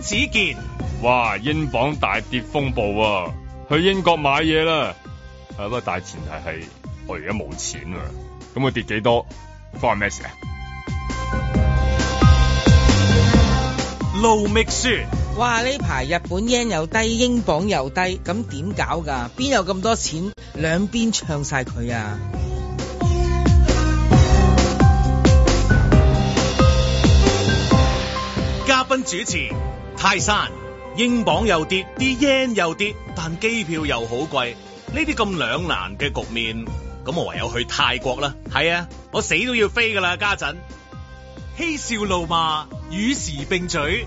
子健，哇，英鎊大跌風暴啊！去英國買嘢啦，啊，不過大前提係我而家冇錢啊！咁佢跌幾多？Fine mess 啊！盧覓雪，哇，呢排日本 yen 又低，英鎊又低，咁點搞噶？邊有咁多錢，兩邊唱晒佢啊？嘉賓主持。泰山，英鎊又跌，啲 yen 又跌，但機票又好貴，呢啲咁兩難嘅局面，咁我唯有去泰國啦。係啊，我死都要飛噶啦，家陣，嬉笑怒罵與時並取。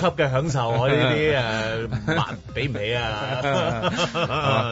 級嘅享受，我呢啲誒，俾唔起啊？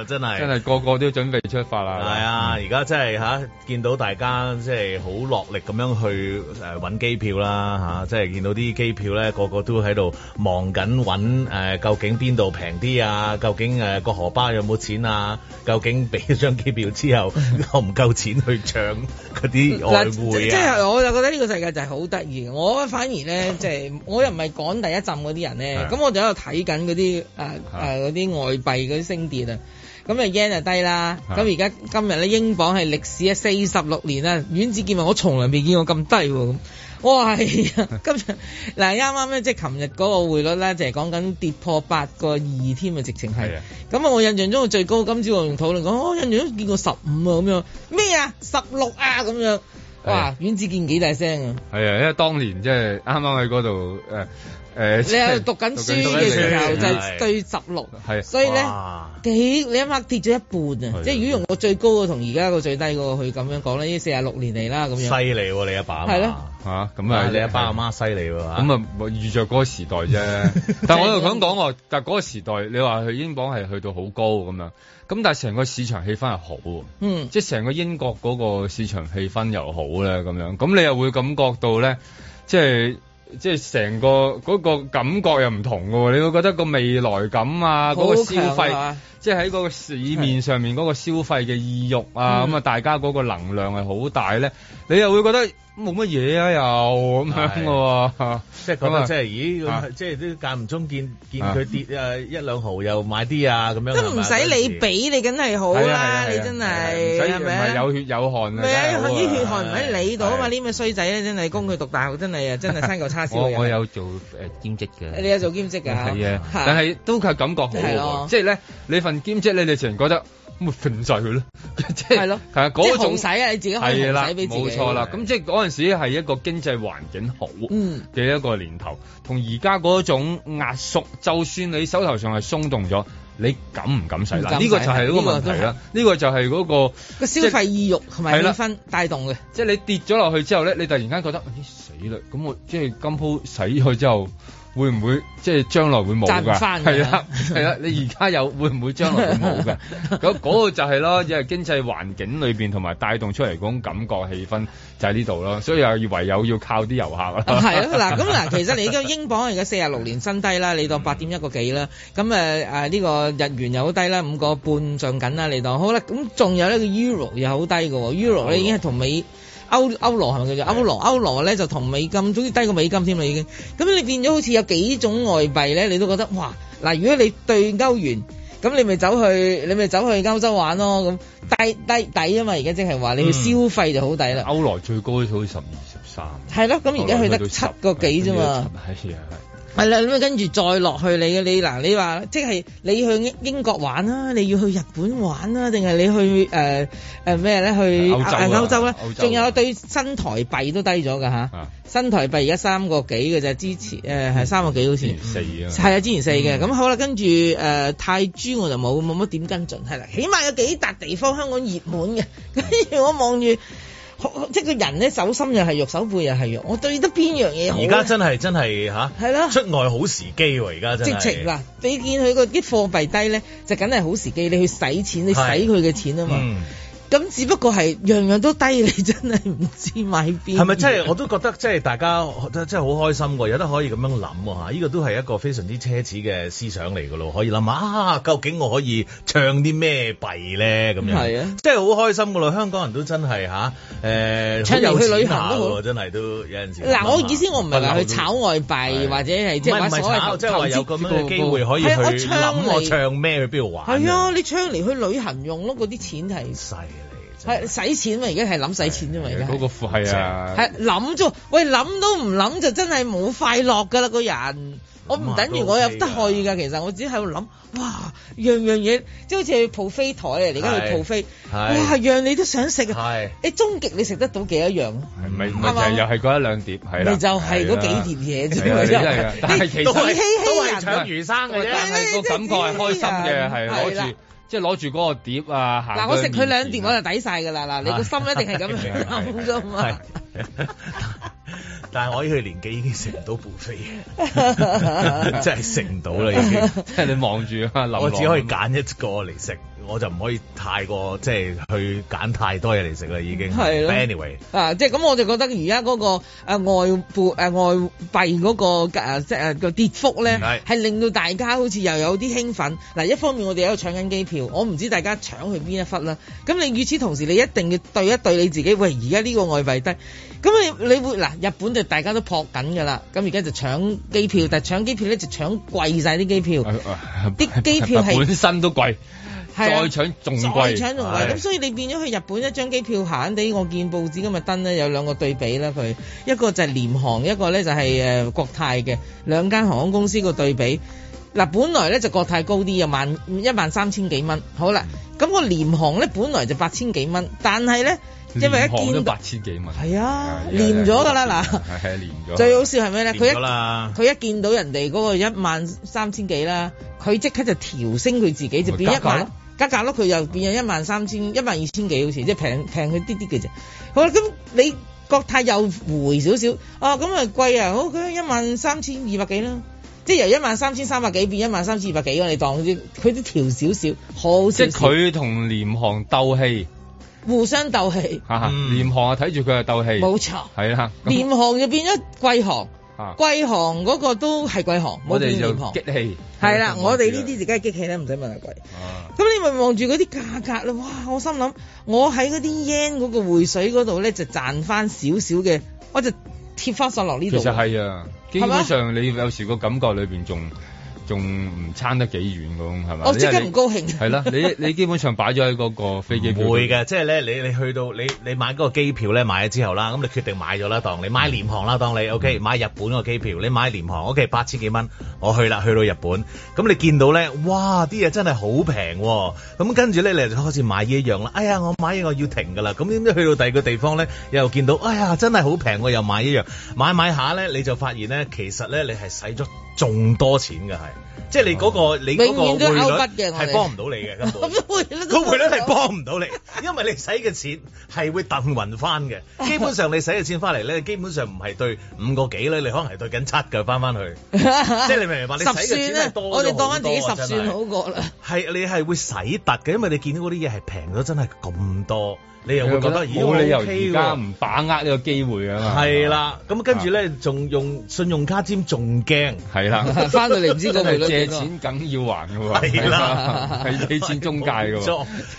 真係真係個個都要準備出發啦！係啊，而家真係嚇，見到大家即係好落力咁樣去誒揾機票啦嚇，即係見到啲機票咧，個個都喺度忙緊揾誒，究竟邊度平啲啊？究竟誒個荷包有冇錢啊？究竟俾一張機票之後夠唔夠錢去搶嗰啲外匯啊？即係我就覺得呢個世界就係好得意，我反而咧即係我又唔係講第一集。啲人咧，咁、啊、我就喺度睇緊嗰啲誒誒啲外幣嗰啲升跌啊。咁啊，yen 就低，啊嗯低啊哎、 啦。咁而家今日咧，英鎊係歷史啊四十六年啦。阮子健話：我從來未見過咁低喎。咁我話係啊，今日嗱啱啱咧，即係琴日嗰個匯率咧，就係講緊跌破八個二添啊，直情係。咁啊，我印象中最高金主黃土嚟講，今朝我用討論、哦、印象中見過十五啊，咁樣咩啊十六啊，咁、啊、樣、啊、哇！阮子健幾大聲啊？係啊，因為當年即係啱啱喺嗰度誒。呃誒，你係讀緊書嘅時候就對十六，所以咧幾你一刻跌咗一半是了爸爸媽媽是啊！即係如果用個最高嘅同而家個最低個，去咁樣講咧，呢四十六年嚟啦咁樣。犀利喎，你阿爸阿媽嚇咁啊！你阿爸阿媽犀利喎嚇，咁啊遇着嗰個時代啫。 但係我又想講喎，但係嗰個時代你話去英鎊係去到好高咁樣，咁但係成個市場氣氛係好，嗯，即係成個英國嗰個市場氣氛又好咧咁樣，咁你又會感覺到咧，即係。即係成個嗰個感覺又唔同嘅喎，你會覺得個未來感啊，嗰個消費。即係喺嗰個市面上面嗰個消費嘅意欲啊，咁、嗯、啊大家嗰個能量係好大咧，你又會覺得冇乜嘢啊又咁樣嘅、啊、喎、嗯，即係覺得即係、啊、咦，即係都間唔中見見佢跌啊一兩毫又買啲啊咁、啊、樣，都唔使你俾你梗係好啦，你真係係咪？有血有汗啊！啲血汗唔喺你度啊嘛，呢咁嘅衰仔咧真係供佢讀大學真係啊，真係生嚿叉燒。我有做誒、呃、兼職嘅，你有做兼職㗎？係啊，但係都係感覺好。即係咧你。嗯份兼職你哋成然覺得咁咪晒佢咯，即係咯，係啊，即係使啊，你自己使啦，冇錯啦，咁即係嗰陣時係一個經濟環境好嘅一個年頭，同而家嗰種壓縮，就算你手頭上係鬆動咗，你敢唔敢使？嗱，呢個就係嗰個問題啦，呢個就係嗰個個消費意欲同埋氣氛帶動嘅。即係你跌咗落去之後咧，你突然間覺得，哎，死啦！咁我即係今鋪洗去之後。會唔會即係將來會冇噶？係啊，係啊，你而家有會唔會將來會冇噶？咁 嗰個就係咯，因為經濟環境裏邊同埋帶動出嚟嗰種感覺氣氛就喺呢度咯。所以又唯有要靠啲遊客啦。係啦，嗱，咁嗱，其實你而家英鎊而家四十六年新低啦，你當八點一個幾啦。咁誒誒，呢個日元又好低啦，五個半上緊啦，你當好啦。咁仲有一個 Euro 又好低噶，Euro 咧已經係同美。歐歐羅係咪叫做歐羅？歐羅咧就同美金，總之低過美金添啦已經。咁你變咗好似有幾種外幣咧，你都覺得哇！嗱，如果你對歐元，咁你咪走去，你咪走去歐洲玩咯咁，低低抵啊嘛！而家即係話你去消費就好抵啦。歐羅最高好似十二十三，係 咯，咁而家去得七個幾啫嘛。係啦，咁啊跟住再落去你嘅。你嗱，你話即係你去英國玩啦，你要去日本玩啦，定係你去誒誒咩咧去歐洲咧？仲、呃、有對新台幣都低咗㗎。嚇、啊啊，新台幣而家三個幾嘅啫，之前誒係三個幾好似。四啊。係啊，之前四嘅，咁好啦，跟住誒泰銖我就冇冇乜點跟進，係啦，起碼有幾笪地方香港熱門嘅，跟住我望住。即係個人咧，手心又係肉，手背又係肉。我對得邊樣嘢好？而家真係真係吓，係啦，出外好時機喎、啊！而家真係，直情嗱，你見佢個啲貨幣低咧，就梗係好時機。你去使錢，你使佢嘅錢啊嘛。嗯咁只不過係樣樣都低，你真係唔知買邊。係咪即係我都覺得即係大家真係好開心喎！有得可以咁樣諗嚇，呢、啊呢個都係一個非常之奢侈嘅思想嚟噶咯。可以諗下、啊，究竟我可以唱啲咩幣咧？咁樣係啊，即係好開心噶咯！香港人都真係吓，誒、啊，唱、呃、嚟去旅行、嗯、真係都有陣時想想。嗱，我意思我唔係話去炒外幣，或者係即係唔係即係話有咁嘅機會可以去諗我唱咩去邊度玩？係啊，啊，你唱嚟去旅行用咯，嗰啲錢係。係使錢嘛，而家係諗使錢啫嘛，而家嗰個快啊，係諗啫。喂，諗都唔諗就真係冇快樂噶啦，個人。我唔等於我有得可以㗎，其實我只喺度諗。哇，樣樣嘢即係好似去鋪飛台啊，而家去鋪飛。哇，樣你都想食啊。係。你終極你食得到幾多樣？係咪又係嗰一兩碟？係啦。你就係嗰幾碟嘢啫。係啊，但係其實都係都係搶魚生嘅啫。但係個感覺係開心嘅，係攞住。即係攞住嗰個碟啊，嗱、啊，我食佢兩碟我就抵晒㗎啦！嗱，你個心一定係咁諗㗎嘛。係，係 係係係係 但係我以佢年紀已經食唔到 buffet 真係食唔到啦。 已經。即 係你望住啊， 流我只可以揀一個嚟食。我就唔可以太過即係去揀太多嘢嚟食啦，已經。係咯。anyway 啊，即係咁，我就覺得而家嗰個外幣、啊、外幣嗰、啊嗰個、啊、即係個、啊、跌幅咧，係令到大家好似又有啲興奮。嗱、啊，一方面我哋喺度搶緊機票，我唔知大家搶去邊一忽啦。咁你與此同時，你一定要對一對你自己。喂，而家呢個外幣低，咁你你會嗱、啊、日本就大家都撲緊㗎啦。咁而家就搶機票，但係搶機票咧就搶貴晒啲機票，啲、啊啊、機票係本身都貴。啊、再搶仲貴，再搶仲貴。咁、啊、所以你變咗去日本一張機票行，行閒、啊、我見報紙今日登咧有兩個對比啦。佢一個就係廉航，一個咧就係誒國泰嘅兩間航空公司個對比。嗱、啊，本來咧就國泰高啲嘅，一萬一萬三千幾蚊。好啦，咁、嗯那個廉航咧本來就八千幾蚊，但係咧因為一見到八千幾蚊，係啊，年咗㗎啦嗱，係係廉咗。 最好笑係咩咧？佢一佢一見到人哋嗰個一萬三千幾啦，佢即刻就調升佢自己，就變一萬。加價咯，佢又變咗一萬三千、一萬二千幾好似，即係平平佢啲啲嘅啫。好啦，咁你國泰又回少少，哦咁啊貴啊，好，佢，一萬三千二百幾啦，即係由一萬三千三百幾變一萬三千二百幾，我哋當佢啲調少少，好點點。即係佢同廉航鬥氣，互相鬥氣。吓、嗯、吓，廉航啊睇住佢啊鬥氣，冇錯，係啦，廉航又變咗貴行。貴行嗰個都係貴行，我哋現行。激氣係啦，我哋呢啲就梗係激氣呢，唔使問阿貴。咁、啊、你咪望住嗰啲價格啦，哇！我心諗我喺嗰啲 yen 嗰個匯水嗰度呢，就賺返少少嘅，我就貼返曬落呢度。其實係啊，基本上你有時個感覺裏面仲。仲唔差得幾遠咁係咪？我即、哦、刻唔高興。係 啦，你你基本上擺咗喺嗰個飛機票。 會嘅，即係咧，你你去到你你買嗰個機票咧買咗之後啦，咁你決定買咗啦，當你買廉航啦，當你、嗯、OK 買日本嗰個機票，你買廉航 OK 八千幾蚊，我去啦，去到日本，咁你見到咧，哇，啲嘢真係好平，咁跟住咧你就開始買呢一樣啦。哎呀，我買嘢我要停㗎啦。咁點知去到第二個地方咧，又見到，哎呀，真係好平，我又買一樣，買買下咧你就發現咧，其實咧你係使咗。仲多錢嘅係，即係你嗰、嗰個你嗰個匯率係幫唔到你嘅根本，咁 匯率係幫唔到你，因為你使嘅錢係會騰雲翻嘅。基本上你使嘅錢翻嚟咧，基本上唔係對五個幾咧，你可能係對緊七嘅翻翻去。 即係你明唔明白？你使嘅錢係多咗好多 十、啊、我哋當自己十算好過係，係你係會使突嘅，因為你見到嗰啲嘢係平咗，真係咁多。你又會覺得咦？好你又更唔把握個機、哎啊啊、呢個機會啊嘛！係啦，咁跟住咧，仲用信用卡添，仲驚係啦。翻到嚟唔知再 借錢，梗要還嘅喎。係 啦是的，係 畀錢中介㗎喎。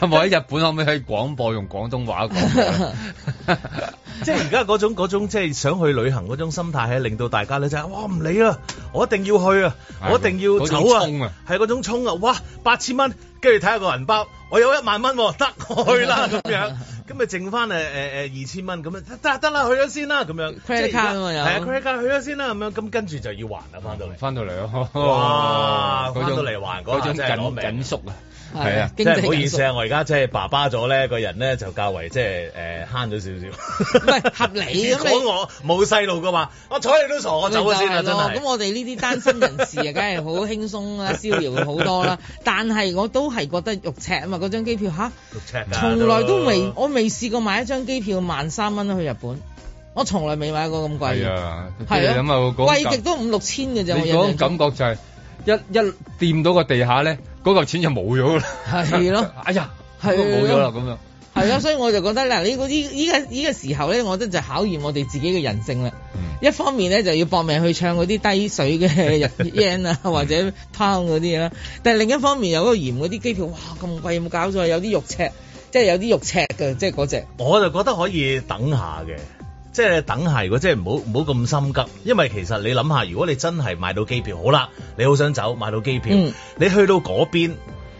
咁喺、啊、日本可唔可以喺廣播用廣東話講， 即係而家嗰種嗰種即係想去旅行嗰種心態，係令到大家咧就係、是、哇唔理啊，我一定要去啊，我一定要走啊，係嗰、啊、種衝啊！哇，八千蚊，跟住睇下個銀包，我有一萬蚊、哦，得去啦咁樣。咁咪剩翻誒誒誒二千蚊咁樣，得啦，得啦，去咗先啦咁樣，credit 卡啊嘛有，係 credit 卡去咗先啦咁樣，咁跟住就要還啦，翻到嚟，翻到嚟咯、哦，哇，佢都嚟還嗰種緊緊縮啊！係啊，真係唔好意思啊！我而家即係爸爸咗咧，個人咧就較為即係誒慳咗少少。唔、呃、係合理咁。如果我冇細路嘅嘛，我睬你都傻。我走先啦。咁啊、咁、就是、 我哋呢啲單身人士啊，梗係好輕鬆啊， 逍遙好多啦。但係我都係覺得肉赤啊嘛！嗰張機票吓，肉赤從來都未，我未試過買一張機票萬三蚊去日本，我從來未買過咁貴。係啊，貴極、啊啊、都五六千嘅啫。你嗰種感覺就係、是、一一掂到個地下咧。嗰嚿錢就冇咗啦，係咯，哎呀，係冇咗啦咁樣，係啦，所以我就覺得嗱，呢個依依家依個時候咧，我覺得就考驗我哋自己嘅人性啦。 一方面咧就要搏命去唱嗰啲低水嘅人 e n 啊 或者 Town 嗰啲嘢啦，但係另一方面有嗰個鹽嗰啲機票哇咁貴，冇搞錯，有啲肉赤，即、就、係、是、有啲肉赤嘅，即係嗰隻。我就覺得可以等下嘅。即係等下，如果即係唔好唔好咁心急，因為其實你諗下，如果你真係買到機票，好啦，你好想走，買到機票，嗯，你去到嗰邊。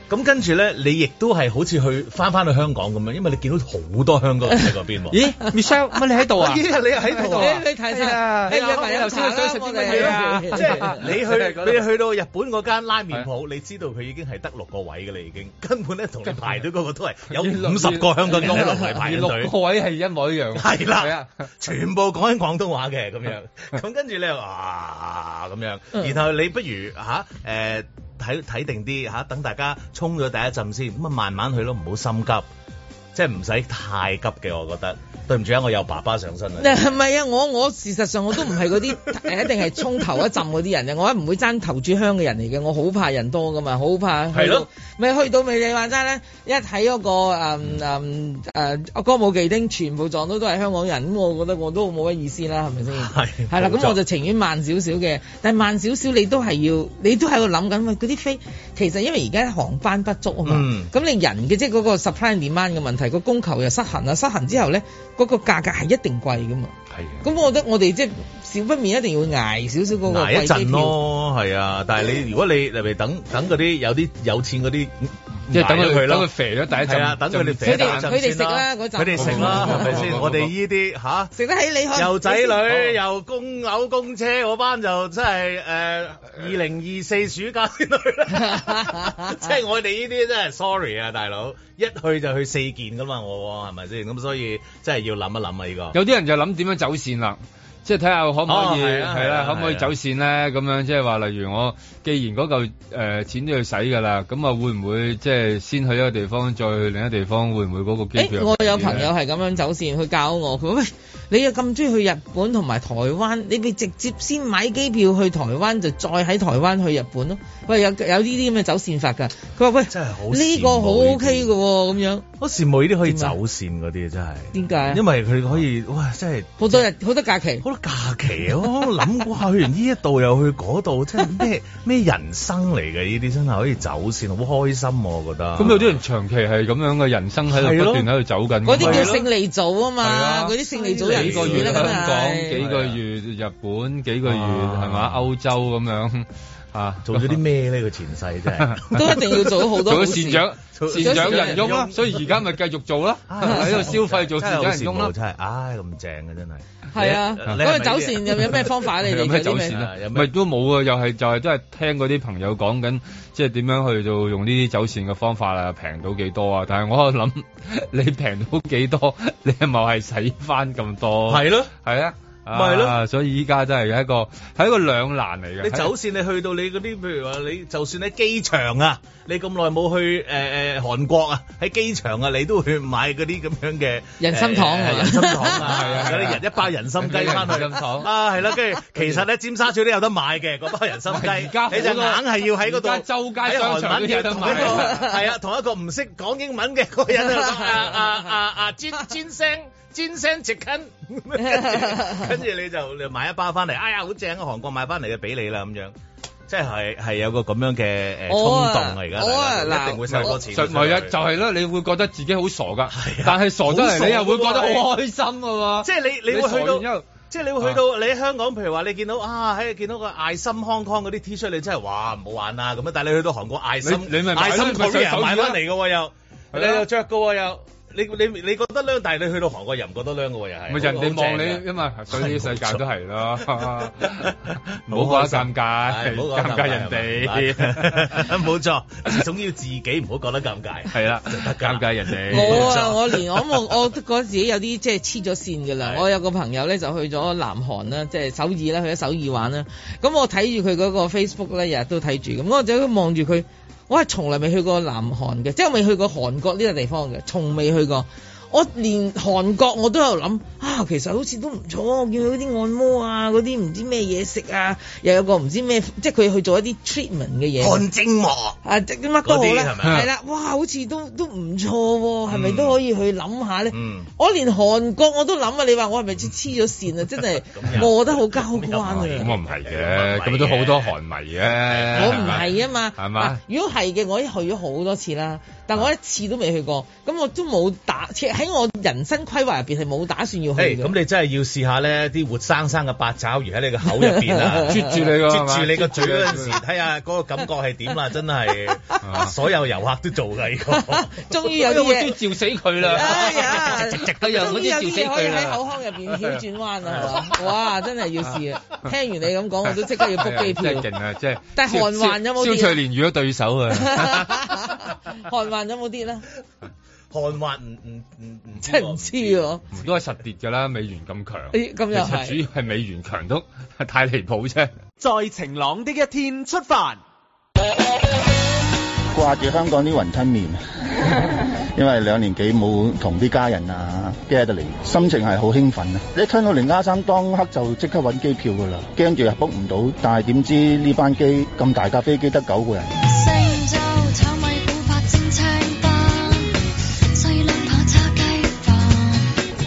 咁跟住呢，你亦都係好似去返返去香港咁樣，因為你見到好多香港人喺嗰邊。喎、欸。咦，Michelle，你喺度啊？咦、啊欸，你喺度啊？你你睇下，啊！你又嚟頭先，我想食啲乜嘢啊？即係你去，哎你去哎，你去到日本嗰間拉麵鋪，哎哎，你知道佢已經係得六個位㗎啦，已經根本呢同你排隊嗰個都係有五十個香港人喺排人隊。而、哎、六個位係一模一樣係啦，全部講緊廣東話嘅咁樣。咁跟住咧，哇咁樣，然後你不如睇睇定啲嚇，等大家衝咗第一陣先，咁啊慢慢去咯，唔好心急。即係唔使太急嘅，我覺得。對唔住啊，我有爸爸上身啊。係 咪啊？我我事實上我都唔係嗰啲一定係衝頭一陣嗰啲人啊，我唔會爭頭柱香嘅人嚟嘅。我好怕人多噶嘛，好怕。係咯。咪去到咪你話齋咧？一睇嗰、嗰個誒誒誒歌舞伎町全部撞到都係香港人，我覺得我都冇乜意思啦，係咪先？係。係啦，咁我就情願慢少少嘅。但係慢少少，你都係要，你都喺度諗緊。嗰啲飛其實因為而家航班不足啊嘛。咁、嗯、你人嘅即係嗰個 supply demand 嘅問題。提個供求又失衡啦，失衡之後咧，嗰、那個價格係一定貴噶嘛。係嘅，咁我覺得我哋即係。少不免一定要挨少少嗰個，挨一陣咯、啊，係啊。但係你如果你例咪等等嗰啲有啲有錢嗰啲，即係等佢佢咯，等佢肥咗第一陣，係啊，等佢哋肥一陣先啦。佢哋食啦，佢哋食啦，係咪先？我哋呢啲吓，食得起你開，又仔女又供樓供車，我班就真係誒，二零二四暑假先去啦。即 係 我哋呢啲真係 sorry 啊，大佬，一去就去四件噶嘛，我係咪先？咁所以真係要諗一諗啊，呢、這個。有啲人就諗點樣走線啦。即係睇下可唔可以係啦、oh，啊啊啊啊啊啊啊啊，可唔可以走線咧？咁樣即係話，例如我既然嗰、那、嚿、個呃、錢都要使㗎啦，咁啊會唔會即係先去一個地方，再去另一個地方？會唔會嗰個機票誒？我有朋友係咁樣走線去教我，佢喂。哎你又咁中意去日本同埋台灣，你咪直接先買機票去台灣，就再喺台灣去日本咯。喂，有有呢啲咁嘅走線法噶？佢話喂，真係好，呢、呢個好 OK 嘅咁、哦、樣。我羨慕呢啲可以走線嗰啲真係。點解？因為佢可以哇！真係好多日好多假期，好多假期哦。諗 過去完呢一度又去嗰度，真係咩咩人生嚟嘅呢啲真係可以走線，好開心我覺得。咁、嗯、有啲人長期係咁樣嘅人生喺度不斷喺度走緊。嗰啲叫勝利組啊嘛，嗰啲勝利組幾個月香港，幾個月日本，幾個月係嘛歐洲咁樣。啊！做咗啲咩呢？個前世真係都一定要做好多，做咗善長善長人翁咯， 所以而家咪繼續做咯，喺、哎、度消費做善長人翁真係唉咁正嘅真係。係啊，我哋走線有咩方法你哋走咩走線啊？咪都冇啊！又係就係都係聽嗰啲朋友講緊，即係點樣去做用呢啲走線嘅方法啊？平、 啊啊就是就是啊、到幾多啊？但係我諗，你平到幾多，多？你係咪係使翻咁多？係咯，係啊。咪係咯，所以依家真係有一個係一個兩難嚟嘅。你走線，你去到你嗰啲，譬如話你，就算喺機場啊，你咁耐冇去誒誒韓國啊，喺機場啊，你都會買嗰啲咁樣嘅人參糖啊，人參糖啊，係啊，嗰啲人一包人參雞翻去咁糖啊，係啦，跟住其實咧，尖沙咀都有得買嘅嗰包人參雞，你就硬係要喺嗰度周街，喺韓文嘅，係啊，同一個唔識講英文嘅個人啊啊啊啊尖尖聲。尖聲直根，跟住你就買買一包翻嚟，哎呀好正啊！韓國買翻嚟嘅俾你啦咁樣，即係係有個咁樣嘅誒衝動嚟㗎、啊啊。一定會使多錢，唔啊就係、是、啦，你會覺得自己好傻噶、啊，但係傻得嚟、啊、你又會覺得好開心嘛。即、就、係、是、你你，你會去到，即係、就是、你會去到你喺香港，譬如話你見到啊喺見到個艾森康康嗰啲 T 恤，你真係哇唔好玩啊咁樣，但係你去到韓國艾森，你咪艾森 p 買翻嚟嘅又，你又着過又。你你你覺得靚，但係你去到韓國人唔覺得靚嘅喎，又係。咪人哋望你，因為所啲世界都係咯，唔好覺得尷尬，唔好尷尬人哋。冇錯，始終要自己唔好覺得尷尬。係啦，尷尬人哋。冇 啊沒錯！ 我連我望我，我都覺得自己有啲即係黐咗線㗎啦。 我有個朋友咧就去咗南韓啦，即係首爾啦，去咗首爾玩啦。咁、嗯、我睇住佢嗰個 Facebook 咧，日日都睇住咁，我就望住佢。我係從來未去過南韓嘅，即係我未去過韓國呢個地方嘅，從未去過。我連韓國我都有諗啊，其實好似都唔錯。我見佢嗰啲按摩啊，嗰啲唔知咩嘢食啊，又有一個唔知咩，即係佢去做一啲 treatment 嘅嘢，汗蒸膜，啊，啲乜都好咧，係啦，哇，好似都都唔錯喎，啊，係，嗯，咪都可以去諗下咧，嗯？我連韓國我都諗啊，你話我係咪黐黐咗線啊？真係磨得好交關啊！咁我唔係嘅，咁都好多韓迷嘅。我唔係啊嘛，係嘛，啊？如果係嘅，我已經去咗好多次啦。但我一次都未去過，咁我都冇打，喺我人生規劃入邊係冇打算要去。嘿，咁你真係要試下咧，啲活生生嘅八爪魚喺你個口入邊啊，啜 住你，啜住你個嘴嗰陣時睇下嗰個感覺係點 啊？真係所有遊客都做㗎。呢個、 終於有啲嘢，都照死佢啦！直直都有啲可以喺口腔入邊轉彎啊，係嘛？哇，真係要試啊！ 聽完你咁講，我都即刻要 book 機票。真係勁啊！即係。但係寒環有冇？蕭翠蓮遇咗對手啊！ 賺咗冇啲啦，韓滑唔唔唔唔，即、嗯、唔、嗯、知喎。都係實跌嘅啦，美元咁強。咁、哎、又、係、主要係美元強都太離譜啫。在晴朗的一天出發，掛住香港啲雲吞麵，因為兩年幾冇同啲家人啊，驚得嚟，心情係好興奮啊！你一聽到零加三，當刻就即刻揾機票噶啦，驚住又 book 唔到，但係點知呢班機咁大架飛機得九個人。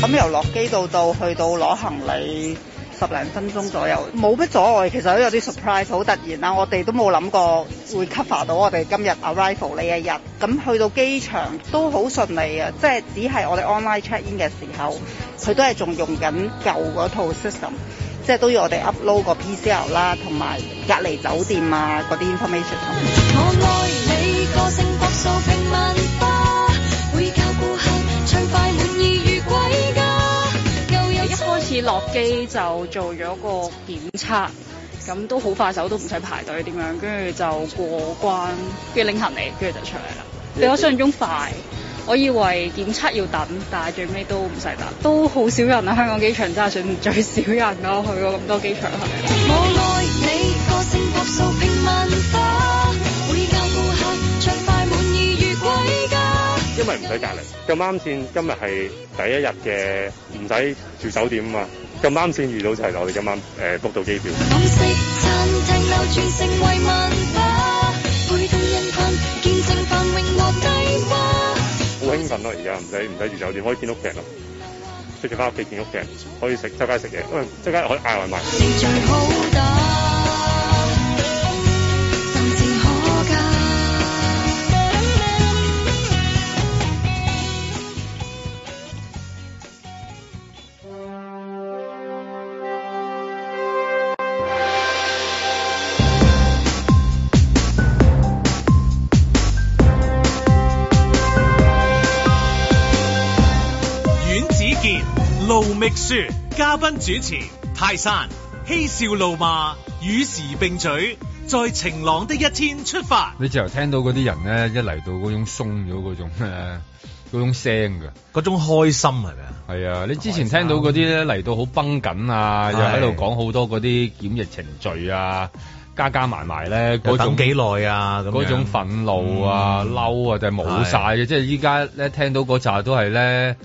咁由落機到到去到攞行李十零分鐘左右，冇乜阻礙，其實都有啲 surprise，好突然啦。我哋都冇諗過會 cover 到我哋今日 arrival 呢一日。咁去到機場都好順利啊，即係只係我哋 online check in 嘅時候，佢都係仲用緊舊嗰套 system，即係都要我哋 upload 個 PCL 啦，同埋隔離酒店啊嗰啲 information。落機就做咗個檢測，咁都好快手，都唔使排隊點樣，跟住就過關，跟住拎行李，跟住就出嚟啦。比我想象中快，我以為檢測要等，但係最尾都唔使等，都好少人啊！香港機場真係算最少人囉，去過咁多機場係咪？因為唔使隔離，咁啱先今日係第一日嘅，唔使住酒店啊嘛，咁啱先遇到就係我哋今晚誒 book 到機票。好興奮咯，而家唔使唔使住酒店，可以見屋企人，直接翻屋企見屋企人，可以食周街食嘢，因為周街可以嗌外賣。秘書嘉賓主持泰山嬉笑怒罵與時並舉，在晴朗的一天出發。你就由聽到嗰啲人咧，一嚟到嗰種鬆咗嗰種咧，嗰、啊、種聲噶，嗰種開心係咪啊？係啊！你之前聽到嗰啲咧嚟到好繃緊啊，又喺度講好多嗰啲檢疫程序啊，加加埋埋咧嗰種幾耐啊，嗰種憤怒啊、嬲、嗯、啊，就係冇晒嘅。即係依家咧聽到嗰扎都係咧。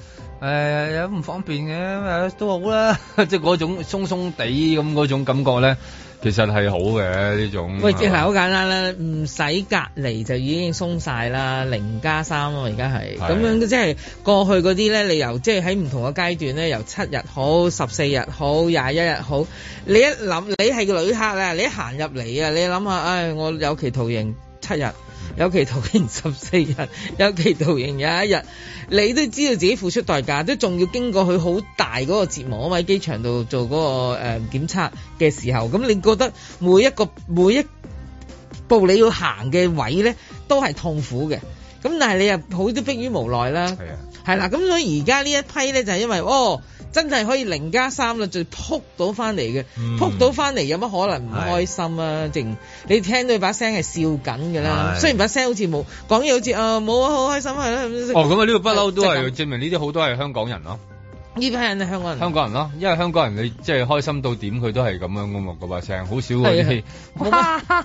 誒有唔方便嘅，都好啦，即係嗰種鬆鬆地咁嗰種感覺咧，其實係好嘅呢種喂，即係好簡單啦，唔使隔離就已經鬆晒啦，零加三咯，而家係。咁樣，即係過去嗰啲咧，你由即係喺唔同嘅階段咧，由七日好、十四日好、廿一日好，你一諗你係個旅客啊，你一行入嚟啊，你諗下，唉、哎，我有期徒刑七日。有期徒刑十四日，有期徒刑有一日，你都知道自己付出代價，都仲要經過佢好大嗰個折磨啊！喺機場度做嗰個誒檢測嘅時候，咁你覺得每一個每一步你要行嘅位咧，都係痛苦嘅。咁但係你又好都迫於無奈啦。係啊，係啦。咁所以而家呢一批咧，就係因為哦。真係可以零加三啦，就撲到翻嚟嘅，撲、嗯、到翻嚟有乜可能唔開心啊？淨你，你聽到把聲係笑緊㗎啦，雖然把聲好似冇講嘢，好似啊冇啊，好開心係啦、啊。哦，咁啊，呢個不嬲都係證明呢啲好多係香港人咯、啊。呢班人係香港人，香港人咯，因為香港人你即係開心到點佢都係咁樣噶嘛，成日好少會，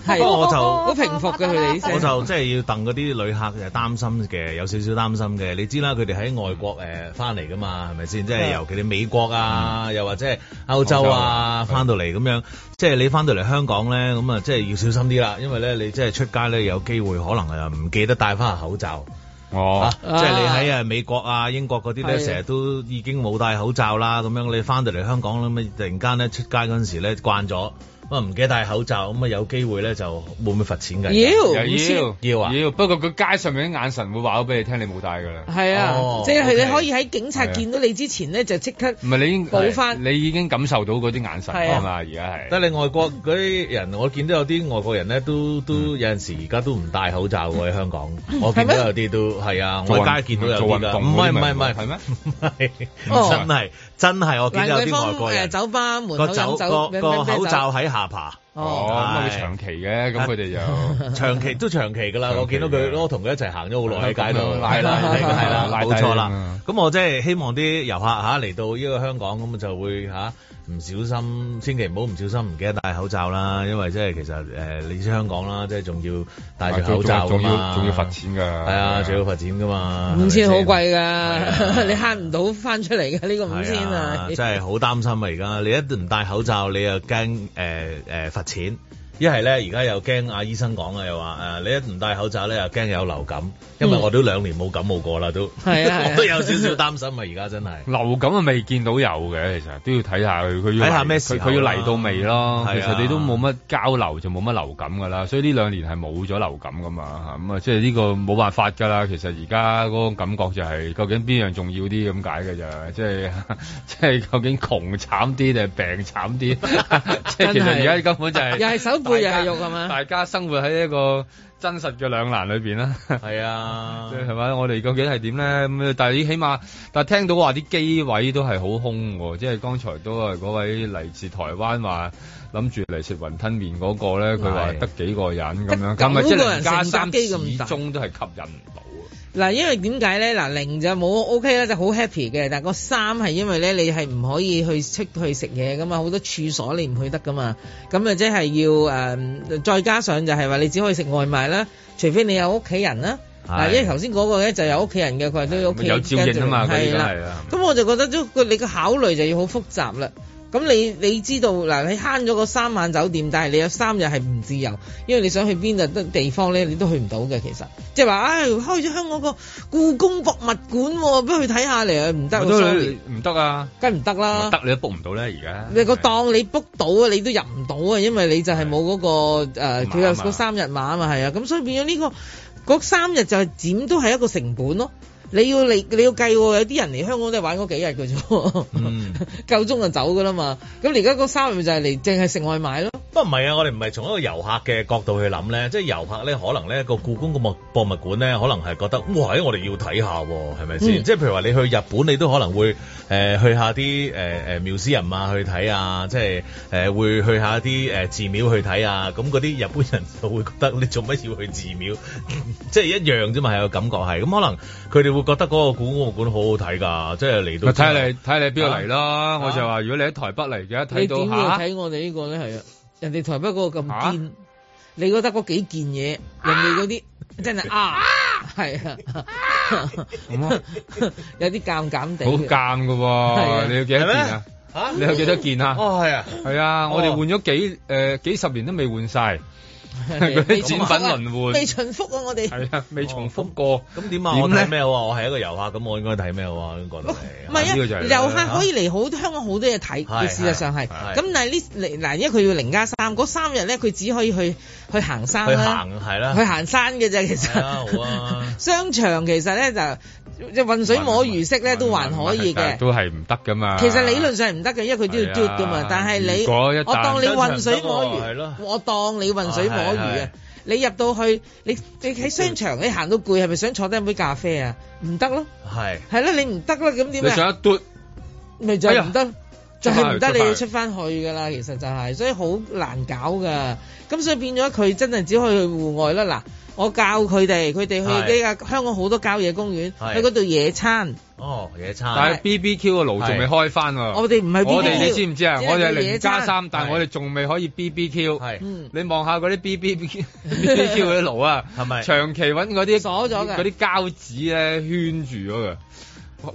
係，我就好平伏嘅佢哋聲，我就即係、就是、要等嗰啲旅客就、嗯、擔心嘅，有少少擔心嘅，你知啦，佢哋喺外國誒翻嚟噶嘛，係咪先？即係尤其你美國啊，嗯、又或者係歐洲啊翻到嚟咁樣，是即係你翻到嚟香港咧，咁啊即係要小心啲啦，因為咧你即係出街咧有機會可能又唔記得戴翻個口罩。哦，啊啊、即係你喺誒美國啊英國嗰啲咧，成日都已經冇戴口罩啦，咁樣你翻到嚟香港咁啊，突然間咧出街嗰陣時咧慣咗。唔記得戴口罩，咁啊有機會咧就會唔會罰錢㗎？要要要，要啊！要不過佢街上面啲眼神會話俾你聽，你冇戴㗎啦。係啊，哦、即係你可以喺警察 okay、啊、見到你之前咧，就即刻唔係你已經補翻、啊，你已經感受到嗰啲眼神係嘛？而家係但你外國嗰啲人，我見到有啲外國人咧，都、嗯、都有陣時而家都唔戴口罩喎喺香港、嗯，我見到有啲都係啊，外街見到有啲啦，唔係唔係唔係，係咩？唔係、 oh. 真係。真係，我見到有啲外國人、呃、酒門個酒，酒個個口罩喺下巴。Oh，哦，咁佢長期嘅，咁佢哋就長期都長期㗎啦。我見到佢，我同佢一齊行咗好耐喺街度，係啦係啦，冇錯啦。咁我即係希望啲遊客嚇嚟到呢個香港咁就會嚇唔小心，千祈唔好唔小心唔記得戴口罩啦。因為即係其實誒、呃，你知香港啦，即係仲要戴住口罩，仲要仲要罰錢㗎，係啊，仲要罰錢㗎嘛。五千好貴㗎， 你慳唔到翻出嚟㗎呢個五千啊！真係好擔心啊！而家你一唔戴口罩，你又驚誒誒。呃呃錢。一係咧，而家又驚阿醫生講嘅又話誒，你一唔戴口罩咧，又驚有流感、嗯。因為我都兩年冇感冒過啦，都、啊啊、我都有少少擔心啊。而家真係 流感啊，未見到有嘅，其實都要睇下佢。睇下咩時候佢要嚟到未咯、啊？其實你都冇乜交流，就冇乜流感噶啦。所以呢兩年係冇咗流感噶嘛，咁啊，即係呢個冇辦法㗎啦。其實而家嗰個感覺就係、是、究竟邊樣重要啲咁解㗎咋？即係即係究竟窮慘啲定係病慘啲？即 係其實而家根本就係又係手。大家，大家生活喺一個真實嘅兩難裏邊啦，係啊，係 咪我哋究竟係點咧？咁但係起碼，但係聽到話啲機位都係好空喎，即係剛才都係位嚟自台灣話，諗住嚟食雲吞麵嗰個咧，佢話得幾個人咁樣，咁咪即係啲加三機始終都係吸引唔到？嗱，因為點解咧？嗱，零就冇 OK 啦，就好 happy 嘅。但個三係因為咧，你係唔可以去出去食嘢㗎嘛，好多處所你唔去得㗎嘛。咁啊，即係要誒，再加上就係話你只可以食外賣啦，除非你有屋企人啦。嗱，因為頭先嗰個咧就有屋企人嘅，佢都屋企有照應啊嘛。佢係啊。咁我就覺得都個你嘅考慮就要好複雜啦。咁你你知道嗱，你慳咗個三晚酒店，但係你有三日係唔自由，因為你想去邊度得地方咧，你都去唔到嘅。其實即係話，唉、哎，開咗香港個故宮博物館、啊，不如去睇下嚟啊，唔得，唔得啊，梗係唔得啦，得你都 book 唔到咧，而家你個檔你 book 到啊，你都入唔到啊，因為你就係冇嗰個佢、呃、有個三日碼啊嘛，係啊，咁所以變咗呢、這個嗰三日就係點都係一個成本咯。你要嚟你要計，喎，有啲人嚟香港都係玩嗰幾日嘅啫，夠鍾就走嘅啦嘛。咁而家嗰三日咪就係嚟，淨係食外賣咯。不過唔係啊！我哋唔係從一個遊客嘅角度去諗咧，即係遊客咧可能咧個故宮個博物館咧，可能係覺得哇！我哋要睇下係咪先？是是嗯、即係譬如話你去日本，你都可能會誒、呃、去下啲誒誒 museum 啊去睇啊，即係誒、呃、會去下啲誒、呃、寺廟去睇啊。咁嗰啲日本人就會覺得你做乜要去寺廟？即 係一樣啫嘛，個感覺係咁、嗯、可能佢哋會覺得嗰個故宮博物館好好睇噶，即係嚟到睇你睇你邊嚟啦！我就話如果你喺台北嚟嘅，睇到吓睇我哋呢個咧係啊。人哋台北嗰個咁堅，啊，你覺得嗰幾件嘢，人哋嗰啲真係啊，係啊，啊啊啊 啊 有啲尷尷地。好尷㗎喎，你要幾多件啊？嚇，你有幾多件啊，， 哦、啊，啊？哦，係啊，係、呃、啊，我哋換咗幾誒幾十年都未換晒。展品輪換，未重複、哦、啊，啊！我哋係啊，未重複過。咁點啊？我睇咩喎？我係一個遊客，咁我應該睇咩喎？我應該，唔、啊、係啊！遊客可以嚟好、啊、香港好多嘢睇，事實上係。咁但係呢嗱，因為佢要零加三，嗰三日咧，佢只可以去去行山行，係啦，去行山嘅、啊、啫。其實、啊，商場其實咧就。即係混水摸魚式咧，都還可以嘅，都係唔得噶嘛。其實理論上係唔得嘅，因為佢都要嘟噶嘛。但係你我當你混水摸魚，我當你混水摸魚啊！你入到去，你你喺商場，你行到攰，係咪想坐低飲杯咖啡啊？唔得咯，係係啦，你唔得啦，咁點啊？你想嘟咪就唔得，就係唔得，你要出翻去噶啦。其實就係，所以好難搞噶。咁所以變咗，佢真係只可以去戶外啦。嗱。我教佢哋，佢哋去啲啊香港好多郊野公園，去嗰度野餐。哦，野餐。但係 B B Q 嘅爐仲未開翻喎。我哋唔係 B B Q 我哋。我哋你知唔知啊？我哋係零加三，但我哋仲未可以 B B Q。係。你望下嗰啲 B B B B Q 嗰啲爐啊，係咪？長期搵嗰啲鎖咗嘅嗰啲膠紙咧圈住咗嘅，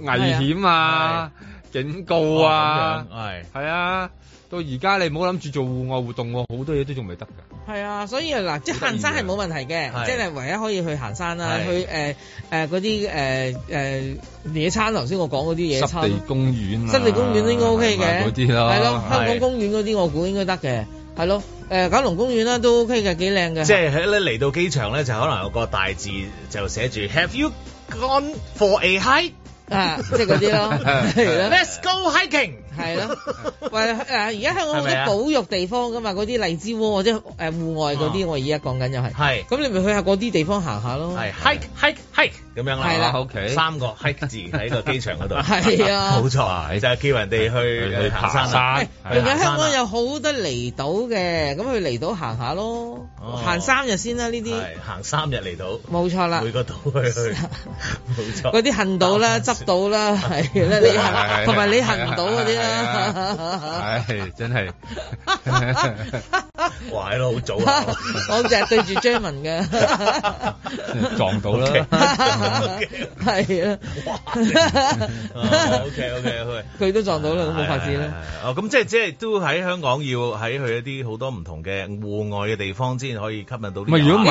危險啊，啊！警告啊！係係啊！到而家你唔好諗住做戶外活動，好多嘢都仲未得㗎。係啊，所以啊嗱、即係，即係行山係冇問題嘅，即係唯一可以去行山啦，啊，去誒誒嗰啲誒誒野餐。頭先我講嗰啲野餐。濕地公園，啊。濕地公園應該 OK 嘅。係嗰啲咯。係咯，香港公園嗰啲我估應該得嘅。係咯，誒九龍公園啦都 OK 嘅，幾靚嘅。即係咧，嚟到機場咧就可能有個大字就寫住 Have you gone for a hike？啊，即係嗰啲咯。Let's go hiking。係咯，喂，誒，而家香港好多保育地方㗎嘛，嗰啲荔枝窩或者、即係、戶外嗰啲、嗯，我而家講緊又係。咁你咪去下嗰啲地方行下囉，係，hike hike hike 咁樣啦。係啦，好嘅。三個 hike 字喺個機場嗰度。係 是啊，冇 沒錯啊， 就叫人哋去 去爬山。誒，而家香港有好多離島嘅，咁 去離島行下囉，行三日先啦呢啲。行三日離島。冇錯啦。每個島去去。冇錯。嗰啲行到啦，執到啦，係啦，你同埋你行唔到嗰啲唉、 哎，真係， 哇！壞咯，好早 吧、okay. 嗯、 是啊，我淨係對住 Jermen 嘅撞到啦，係啊，OK OK，佢、okay, okay。都撞到啦，冇發射啦。哦、啊，咁、啊啊啊、即係即係都喺香港要喺佢一啲好多唔同嘅戶外嘅地方先可以吸引到啲。唔係，如果唔你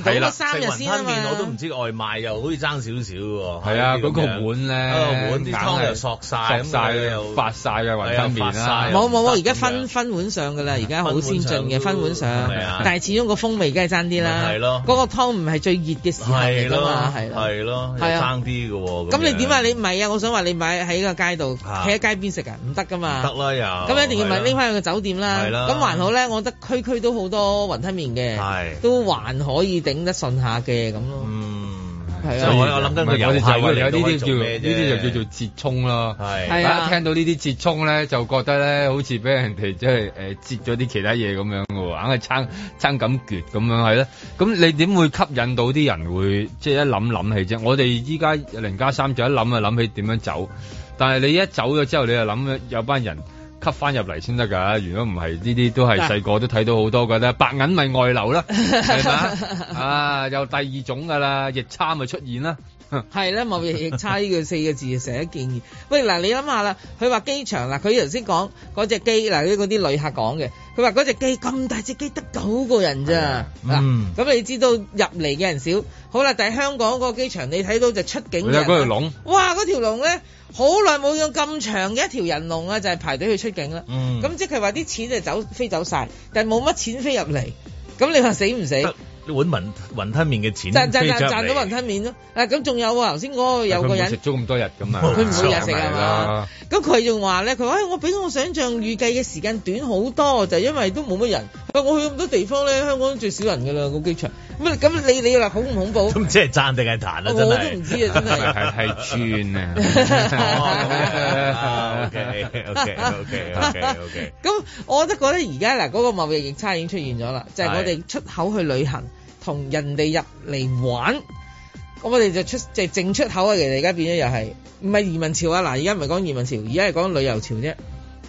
係啦，食日先。雲吞麪我都唔知外賣 又好似爭少少喎。係啊，嗰、啊、個碗咧，啲、啊、湯又索晒。索，索，索又發晒嘅雲吞麵啦、啊，冇冇冇，而家分分碗上㗎啦，而家好先進嘅分碗上，但係始終個風味梗係爭啲啦，嗰、嗰個湯唔係最熱嘅時候嚟㗎嘛，係咯，係爭啲嘅喎。咁、哦、你點啊？係你唔係啊？我想話你買喺個街度，企喺街邊食啊，唔得㗎嘛，得啦，又咁一定要咪拎翻去個酒店啦。咁還好咧，我覺得區區都好多雲吞麵嘅，都還可以頂得順下嘅咁咯。啊、我我諗得唔係我哋就係有呢啲叫呢啲就叫做折衝咯，係啊！聽到節呢啲折衝咧，就覺得咧好似俾人哋即係誒折咗啲其他嘢咁樣嘅喎，硬係撐撐咁攰咁樣係咧。咁、啊、你點會吸引到啲人會即係、就係、一諗諗起啫？我哋依家零加三就一諗啊諗起，點樣走，但係你一走咗之後，你就諗有班人。吸翻入嚟先得噶，如果唔係呢啲都係細個都睇到好多噶啦，白銀咪外流啦，係嘛？啊，有第二種噶啦，逆差咪出現啦，係啦，冇逆逆差呢個四個字成日見。喂，嗱你諗下啦，佢話機場啦，佢頭先講嗰隻機嗱，啲嗰啲旅客講嘅，佢話嗰隻機咁大隻機得九個人咋，嗱咁你知道入嚟嘅人少。好啦，但係香港嗰個機場，你睇到就出境人，哎、哇，嗰條龍咧，好耐冇見咁長嘅一條人龍啊，就係、是、排隊去出境啦。咁即係話啲錢就走飛走晒，但係冇乜錢飛入嚟，咁你話死唔死？啊碗雲，雲吞麵嘅錢，賺賺賺賺到雲吞麵咯！啊，咁仲有啊，頭先嗰個有個人食咗咁多日咁啊，佢唔會日食啊嘛！咁佢仲話咧，佢、哎、話，我比我想象預計嘅時間短好多，就係、因為都冇乜人。我我去咁多地方咧，香港最少人噶啦，個機場。咁你你話恐唔恐怖？咁即係讚定係彈啊！我都唔知啊！真係係係轉啊！OK OK OK OK OK 咁，我覺得覺得而家嗱嗰個貿易逆差已經出現咗啦，就係、是、我哋出口去旅行。同人哋入嚟玩，咁我哋就出即係淨出口啊！其實而家變咗又係，唔係移民潮啊！嗱，而家唔係講移民潮，潮而家係講旅遊潮啫。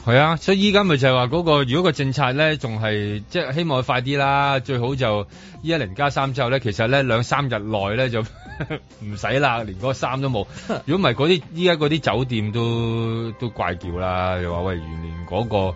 係啊，所以依家咪就係話嗰個，如果個政策咧仲係即係希望佢快啲啦，最好就依一零加三之後咧，其實咧兩三日內咧就唔使啦，連嗰個三都冇。如果唔係嗰啲依家嗰啲酒店都都怪叫啦，又就係話喂，原嚟嗰個誒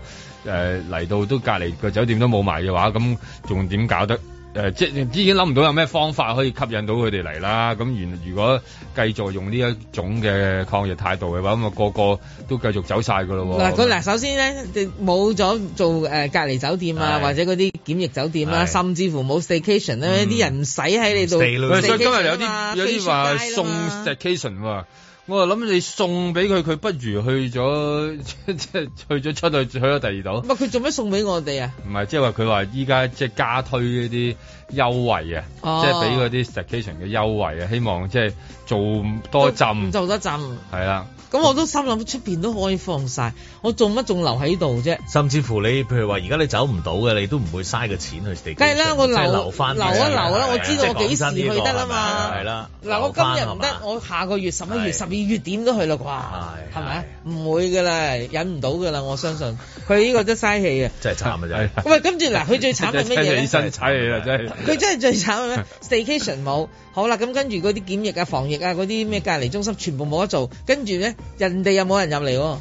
嚟，呃，到都隔籬個酒店都冇埋嘅話，咁仲點搞得？誒即係已經諗唔到有咩方法可以吸引到佢哋嚟啦，咁如如果繼續用呢一種嘅抗疫態度嘅話，咁、那、啊個個都繼續走晒㗎咯喎。嗱、那、嗱、個、首先咧冇咗做、呃、隔離酒店啊，或者嗰啲檢疫酒店呀、啊，甚至乎冇 staycation 咧、啊，啲、嗯、人唔使喺你度。所以今日有啲有啲話送 staycation、啊我就諗你送俾佢，佢不如去咗、啊就是，即係去咗出去去咗第二度。唔係佢做咩送俾我哋啊？唔係即係話佢話依家即係加推一啲優惠啊、哦，即係俾嗰啲 station 嘅優惠啊，希望即係做多浸，做多浸係啦。咁我都心諗出邊都可以放晒，我做乜仲留喺度啫？甚至乎你譬如話而家你走唔到嘅，你都唔會嘥個錢去 station，留翻、就是、留、留一留啦。我知道我幾時去得啦、這個、嘛。係啦，嗱我今日唔得，我下個月十一月十。越點都去啦，啩係咪？唔會噶啦，忍唔到噶啦，我相信佢呢個都嘥氣嘅，真係慘啊！仔喂，跟住嗱，佢最慘係咩嘢？醫生踩你啦，真係！佢真係最慘咩 staycation 冇，好啦，咁跟住嗰啲檢疫啊、防疫啊嗰啲咩隔離中心全部冇得做，跟住咧人哋又冇人入嚟，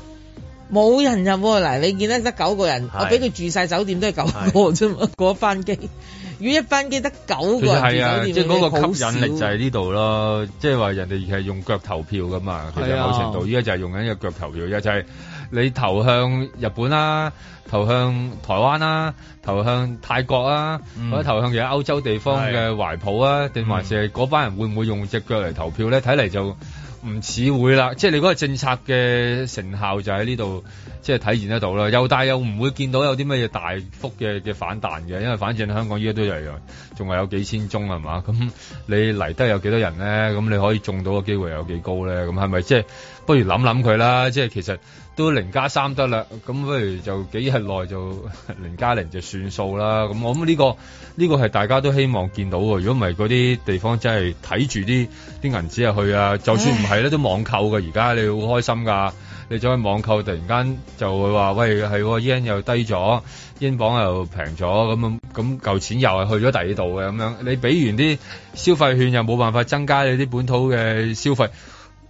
冇人入喎嗱，你見得得九個人，我俾佢住晒酒店都係九個啫嘛，過一班機。與一班機得九個人，其實係啊，即係嗰個吸引力就係呢度咯，即係話人哋係用腳投票㗎嘛、啊，其實某程度依家就係用緊一個腳投票，依家就係、是。你投向日本啦、啊，投向台灣啦、啊，投向泰國啊，嗯、或者投向而家歐洲地方嘅懷抱啊，定、嗯、還是係嗰班人會唔會用隻腳嚟投票咧？睇嚟就唔似會啦。即係你嗰個政策嘅成效就喺呢度即係體現得到啦。又大又唔會見到有啲乜嘢大幅嘅嘅反彈嘅，因為反正香港依家都一樣，仲係有幾千宗係嘛。咁你嚟得有幾多人咧？咁你可以中到嘅機會有幾高咧？咁係咪即係不如諗諗佢啦？即係其實。都零加三得啦，咁不如就幾日內就零加零就算數啦。咁我諗呢個呢個係大家都希望見到嘅。如果唔係，嗰啲地方真係睇住啲啲銀紙啊去啊，就算唔係咧，都網購嘅。而家你好開心㗎，你走去網購突然間就會話喂，係喎 yen 又低咗，英鎊又平咗，咁咁咁嚿錢又係去咗第二度嘅咁樣。你俾完啲消費券又冇辦法增加你啲本土嘅消費。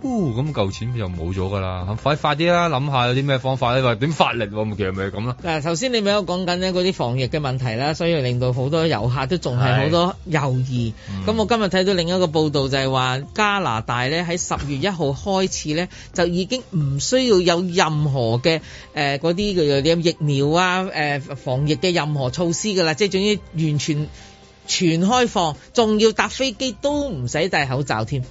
咁、哦、嚿錢就冇咗噶啦！快快啲啦，諗下有啲咩方法咧？話點發力、啊？咪其實咪咁啦。嗱，首先你咪有講緊咧嗰啲防疫嘅問題啦，所以令到好多遊客都仲係好多猶豫。咁我今日睇到另一個報道就係話加拿大咧喺十月一號開始咧就已經唔需要有任何嘅誒嗰啲叫做疫苗啊防疫嘅任何措施噶啦，即係總之完全全開放，仲要搭飛機都唔使戴口罩添。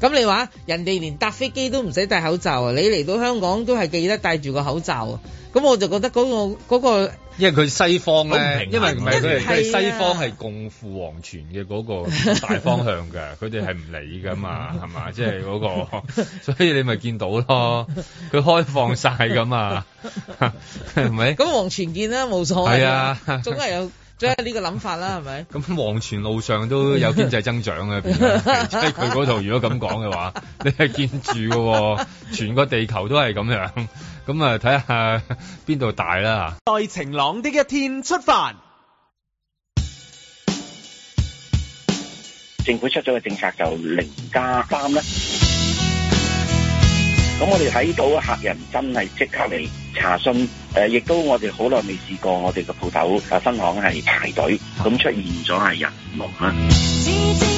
咁你話，人哋連搭飛機都唔使戴口罩啊，你嚟到香港都係記得戴住個口罩啊。咁我就覺得嗰、嗰個嗰、嗰個，因為佢西方咧，因為唔係佢哋西方係共赴黃泉嘅嗰個大方向嘅，佢哋係唔理噶嘛，係 嘛？即係嗰個，所以你咪見到咯，佢開放曬㗎嘛，係咪？咁黃泉見啦，冇所謂。係啊， 總係有。即係呢個諗法啦，係咪？咁 黃泉路上都有經濟增長嘅，即係佢嗰度。如果咁講嘅話， 你係見住嘅喎， 全個地球都係咁樣。咁 啊、嗯，睇下邊度大啦。在晴朗的一天出發。政府出咗嘅政策就零加三咧。咁我哋睇到客人真係即刻嚟查詢，亦都我哋好耐未試過我哋個鋪頭分行係排隊，咁出現咗係人龍啦。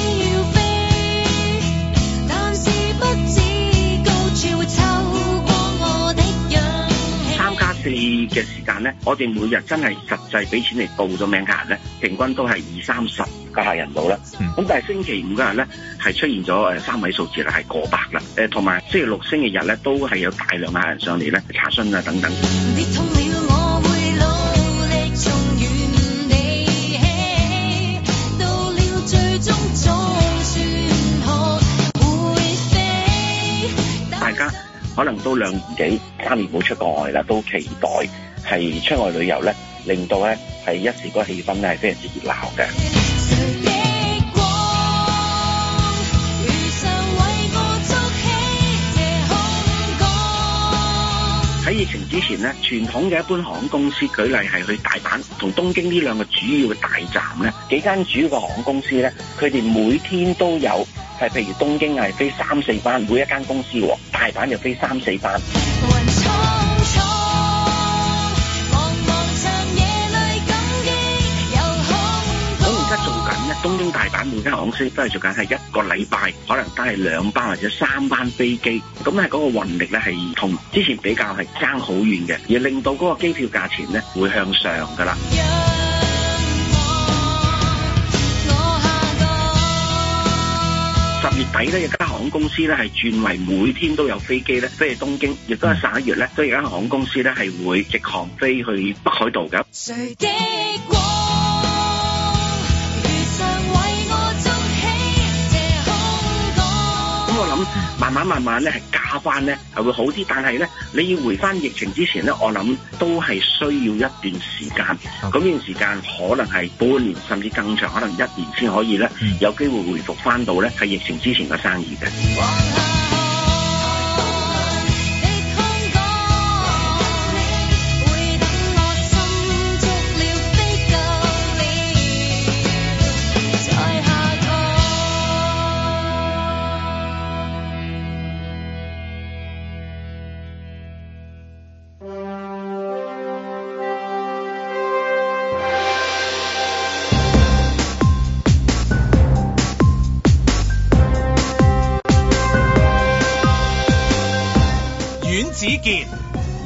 四嘅時間咧，我哋每日真係實際俾錢嚟報咗名嘅客人咧，平均都係二三十個客人到啦。咁但係星期五嘅日咧，係出現咗誒三位數字啦，係過百啦。誒同埋星期六星期日咧，都係有大量嘅客人上嚟咧查詢啊等等。大家。可能都兩年幾三年冇出過外啦，都期待係出外旅遊咧，令到咧係一時個氣氛咧係非常之熱鬧嘅。喺 疫情之前咧，傳統嘅一般航空公司，舉例係去大阪同東京呢兩個主要嘅大站咧，幾間主要嘅航空公司咧，佢哋每天都有。譬如東京係，飛三四班，每一間公司喎，大阪就飛三四班。咁而家做緊咧，東京大阪每間航空公司都係做緊係一個禮拜，可能都係兩班或者三班飛機，咁咧嗰個運力咧係同之前比較係爭好遠嘅，而令到嗰個機票價錢咧會向上㗎啦。月底呢，有間航空公司呢係轉為每天都有飛機呢飛去東京，亦都係十一月呢，都有間航空公司呢係會直航飛去北海道㗎。慢慢慢慢咧，係加翻咧，係會好啲。但係咧，你要回翻疫情之前咧，我諗都係需要一段時間。咁呢段時間可能係半年，甚至更長，可能一年先可以咧，有機會回復翻到咧，係疫情之前嘅生意嘅。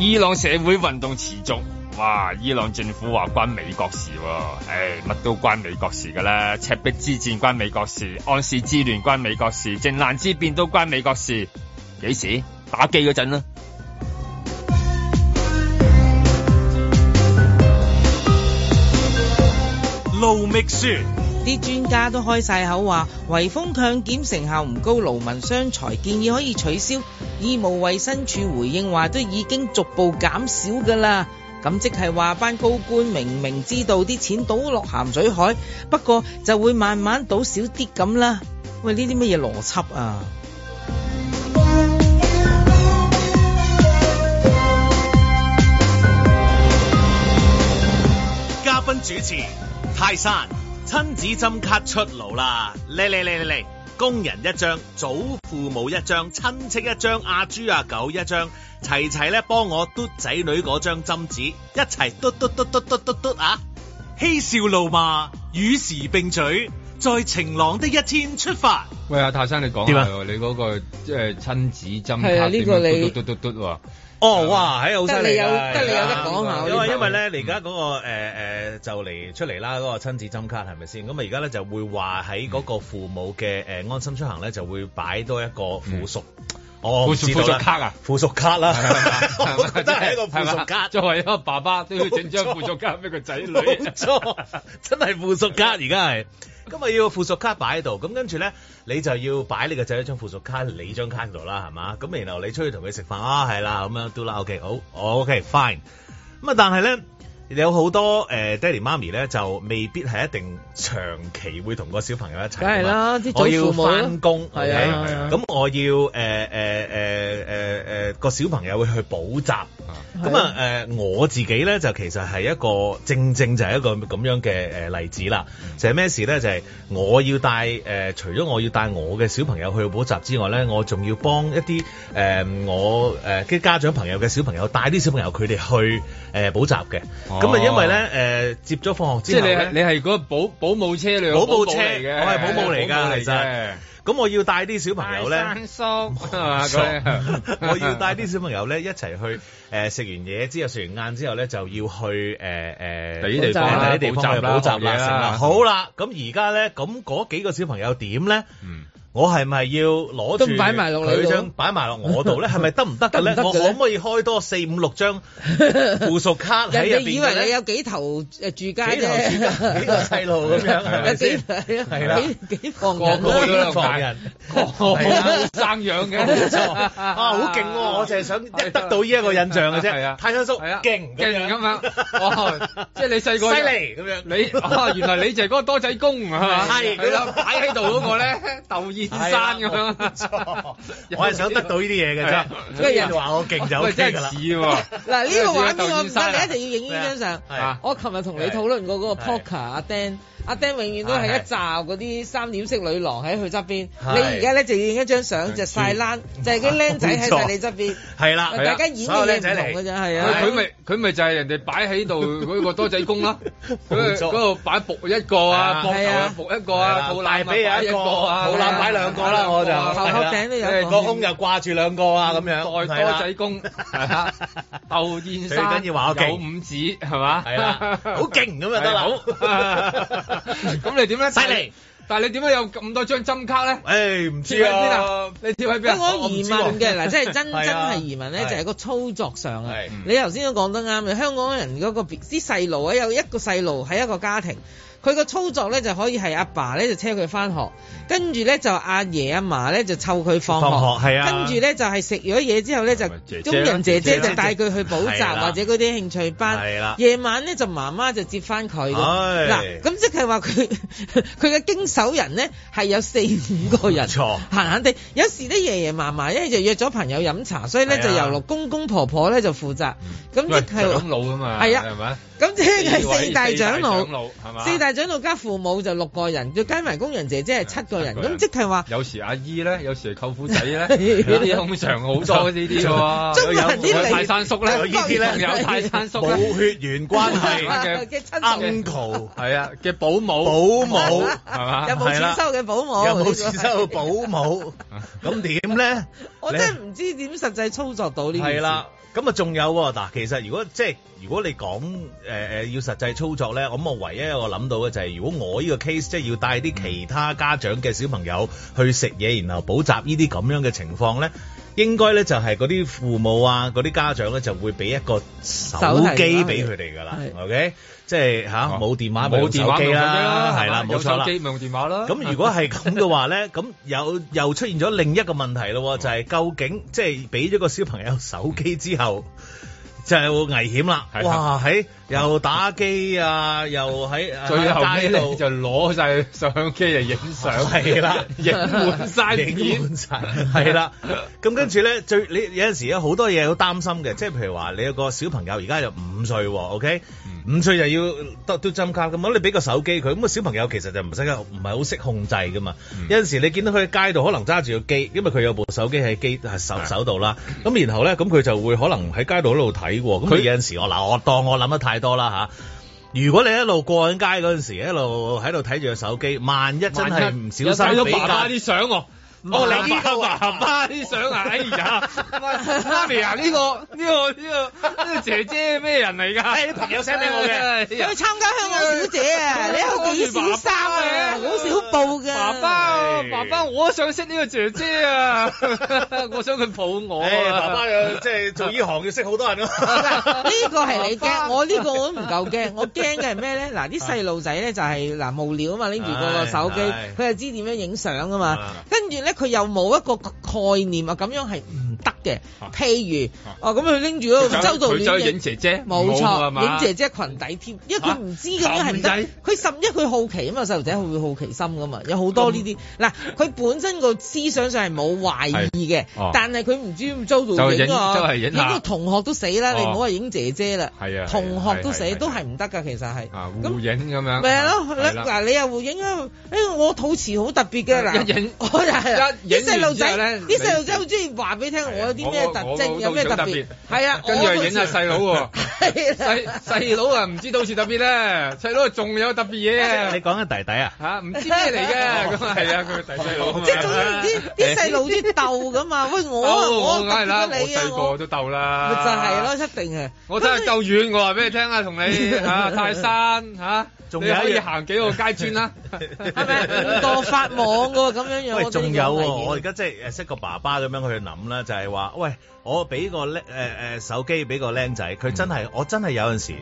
伊朗社會運動持續，哇！伊朗政府話關美國事，啊，誒、哎，乜都關美國事噶啦，赤壁之戰關美國事，安史之亂關美國事，靖難之變都關美國事，幾時打機嗰陣啦？盧米斯，啲專家都開晒口話，圍封強檢成效唔高，勞民傷財，建議可以取消。醫務衞生處回應話都已經逐步減少㗎啦，咁即係話班高官明明知道啲錢倒落鹹水海，不過就會慢慢倒少啲咁啦。喂，呢啲乜嘢邏輯啊？嘉賓主持泰山，親子針卡出爐啦！嚟嚟嚟嚟嚟！工人一張，祖父母一張，親戚一張，阿豬阿狗一張，齊齊咧幫我嘟仔女嗰張針紙，一齊嘟嘟嘟嘟嘟嘟嘟。嘟嘟嘟啊！嬉笑怒罵，與時並取，在晴朗的一天出發。喂，阿泰生，你講啊？你嗰個即係親子針咭點嘟嘟嘟嘟篤篤？哦，哇，係、哎、啊，好犀利，有得你有得講下，因為因為咧，你而家嗰個誒誒、呃呃、就嚟出嚟啦，嗰、嗰個親子針卡係咪先？咁啊而家咧就會話喺嗰個父母嘅誒安心出行咧、嗯，就會擺多一個附屬哦、嗯，附屬卡啊，附屬卡啦，真係 個附屬卡，作為一個爸爸都要整張附屬卡俾個仔女，真係附屬卡而家係。今日要個附屬卡擺喺度，咁跟住咧，你就要擺你個仔一張附屬卡你張卡度啦，係嘛？咁然後你出去同佢食飯，啊，係啦，咁樣都啦，OK，好，OK，fine。咁、OK，啊，但係咧。有好多誒爹哋媽咪咧，就未必係一定長期會同個小朋友一齊。梗係啦，我要翻工，okay? 啊，咁、啊、我要誒誒誒誒個小朋友會去補習。咁啊、呃、我自己咧就其實係一個正正就係一個咁樣嘅例子啦。就係、是、咩事咧？就係、是、我要帶、呃、除咗我要帶我嘅小朋友去補習之外咧，我仲要幫一啲誒、呃、我誒啲家長朋友嘅小朋友帶啲小朋友佢哋去誒、呃、補習嘅。咁啊，因為咧，誒接咗放學之後，即係你係你係嗰保保姆車嚟，保姆車嘅，我係保姆嚟㗎，其實。咁我要帶啲小朋友咧，係嘛？我要帶啲小朋友咧，一齊去誒食完嘢之後，食完晏之後咧，就要去誒誒。啲地方，啲地方去補習啦，好啦。咁而家咧，咁嗰幾個小朋友點咧？嗯。我係咪要攞住佢張擺埋落我度咧？係咪得唔得咧？我可唔可以開多四五六張附屬卡喺入邊？ 以為你有幾頭誒住家啫？幾頭細路咁樣，係咪先？係啦，幾 幾房人？幾房人？ 我冇嘅，生養嘅、啊，好勁喎、哦哦哦哦哦哦哦哦啊！我就係想得到呢一個印象嘅啫、啊啊。太山叔，係啊，勁一樣咁樣。即係、哦就是、你細個犀利咁樣。你、哦哦、原來你就係嗰個多仔公係嘛？係係擺喺度嗰個咧，竇燕山咁樣。我係想得到呢啲嘢嘅啫，所以人話我勁就好啲㗎啦。嗱，呢個畫面我唔得，你一定要影呢張相。我琴日同你討論過嗰個 Poker 阿 Den。阿 Den 永遠都係一紮嗰啲三點式女郎喺佢側邊，你而家咧就影一張相就曬爛，就係啲靚仔喺曬你側邊，係啦，大家演嘅靚仔嚟。佢佢咪佢咪就係人哋擺喺度嗰個多仔公咯，嗰個嗰度擺僕一個啊，僕頭僕一個啊，大髀有一個啊，頭攬擺兩個啦，我就係啦，頭殼頂都有，個胸又掛住兩個啊咁樣，代多仔公，鬥煙山有五指係嘛？係啦，好勁咁就得啦。咁 你點咧？但、欸、係，但你點解有咁多張針卡咧？誒，唔知啊，你貼喺邊？香港移民嘅，嗱，即係真、 啊、真係移民咧，就係、是、個操作上、啊、你頭先都講得啱嘅，香港人嗰別啲細路啊，有一個細路喺一個家庭。佢個操作咧就可以係阿爸咧就車佢翻學，跟住咧就阿爺阿嫲咧就湊佢放學，係啊，跟住咧就係食咗嘢之後咧就工人姐、姐姐就帶佢去補習、啊、或者嗰啲興趣班，夜、啊、晚咧就媽媽就接翻佢。嗱、哎，咁即係話佢佢嘅經手人咧係有四五個人，錯閒閒地，有時咧爺爺嫲嫲因為就約咗朋友飲茶，所以咧、啊、就由落公公婆婆咧就負責。咁即係咁老嘛，啊，係咪？咁即係四大長老，四大長老，四大長老加父母就六個人，再加埋工人姐姐係七個人。咁即係話，有時阿姨咧，有時舅父，父仔咧，呢 啲通常好多呢啲，仲人有啲泰山叔咧，呢啲咧，有泰山叔冇血緣關係嘅 uncle，係啊，嘅保姆保姆係嘛，有冇錢收嘅保姆母？ 有冇錢收嘅保姆？咁點咧？我真係唔知點實際操作到呢件事啦。咁啊，仲有嗱，其實如果即係如果你講誒誒要實際操作咧，我咁我唯一我諗到嘅就係，如果我呢個 case 即係要帶啲其他家長嘅小朋友去食嘢，然後補習呢啲咁樣嘅情況咧。應該咧就係嗰啲父母啊，嗰啲家長咧就會俾一個手機俾佢哋噶啦，OK？即係嚇冇電話冇手機啦，係啦冇錯啦。咁如果係咁嘅話咧，咁又又出現咗另一個問題咯，就係究竟即係俾咗個小朋友手機之後，就係會危險啦！哇喺～又打機啊，又喺街度就攞曬相機嚟影相，係啦，影 滿晒，影滿晒。啦 咁跟住咧，最你有陣時有好多嘢好擔心嘅，即係譬如話你有個小朋友而家就五歲，OK？、嗯、五歲就要得都針卡咁，你俾個手機佢，咁、咁個小朋友其實就唔識，唔係好識控制噶嘛。有陣時你見到佢喺街度可能揸住個機，因為佢有部手機喺機手手度啦。咁然後咧，咁佢就會可能喺街度嗰度睇喎。咁有陣時我嗱，我當我諗得太～太多啦吓，如果你一路過緊街嗰陣時，一路喺度睇住個手機，萬一真係唔小心俾，有睇啲相哦，你呢個爸爸啲相啊！哎呀，媽咪啊！呢、呢個呢、呢個呢、呢個呢、呢個姐姐咩人嚟㗎？啲、哎、朋友寫畀我嘅，去參加香港小姐、哎、小啊！你有幾少抱嘅？爸爸，爸爸，我想識呢個姐姐啊！哎、我想佢抱我、啊哎。爸爸又即係做呢行要識好多人咯、啊。呢、哎呢個係你驚、哎，我呢個我都唔夠驚。我驚嘅係咩咧？嗱、啊，啲細路仔咧就係、是、嗱、啊、無聊啊嘛，拎住個手機，佢又、哎、知點樣影相啊嘛，哎、跟住咧。佢又冇一個概念啊？咁樣係。得嘅，譬如、啊、哦，咁佢拎住嗰個周到影，姐姐，冇錯，影、啊、姐姐裙底添、啊，因為佢唔知咁樣係唔得，佢、啊啊、甚至佢好奇啊嘛，細路仔佢會好奇心噶嘛，有好多呢啲。嗱、嗯，佢本身個思想上係冇懷疑嘅、啊，但係佢唔知周到影啊，影個、就是啊、同學都死啦、啊，你唔好話影姐姐啦，係啊，啊，同學都死、啊啊、都係唔得噶，其實係。啊啊、影咁樣，咪、就、咯、是，嗱、啊，你又互影啊？誒、哎，我肚臍好特別嘅嗱，我就係影啲細路仔，啲細路仔好中意話俾你聽。啊啊我有啲咩特徵？有咩特別？係啊，跟住又影下細佬喎，細 佬、喔、啊，唔、啊、知到時特別咧，細佬仲有特別嘢、啊。你講緊弟弟啊？嚇，唔知咩嚟嘅？咁啊係啊，佢細佬，即係啲啲細佬啲鬥咁嘛。喂、哦，我我覺得你啊，我個都鬥啦，就係咯，一定啊。我真係鬥遠，我話俾你聽啊，同你嚇泰山嚇，仲可以行幾個街村啦，係咪？多法網嘅咁樣樣。喂，仲有喎，我而家即係識個爸爸咁樣去諗啦，就係係、就、話、是、喂，我俾個誒誒手機俾個僆仔，佢真係、嗯、我真係有陣時，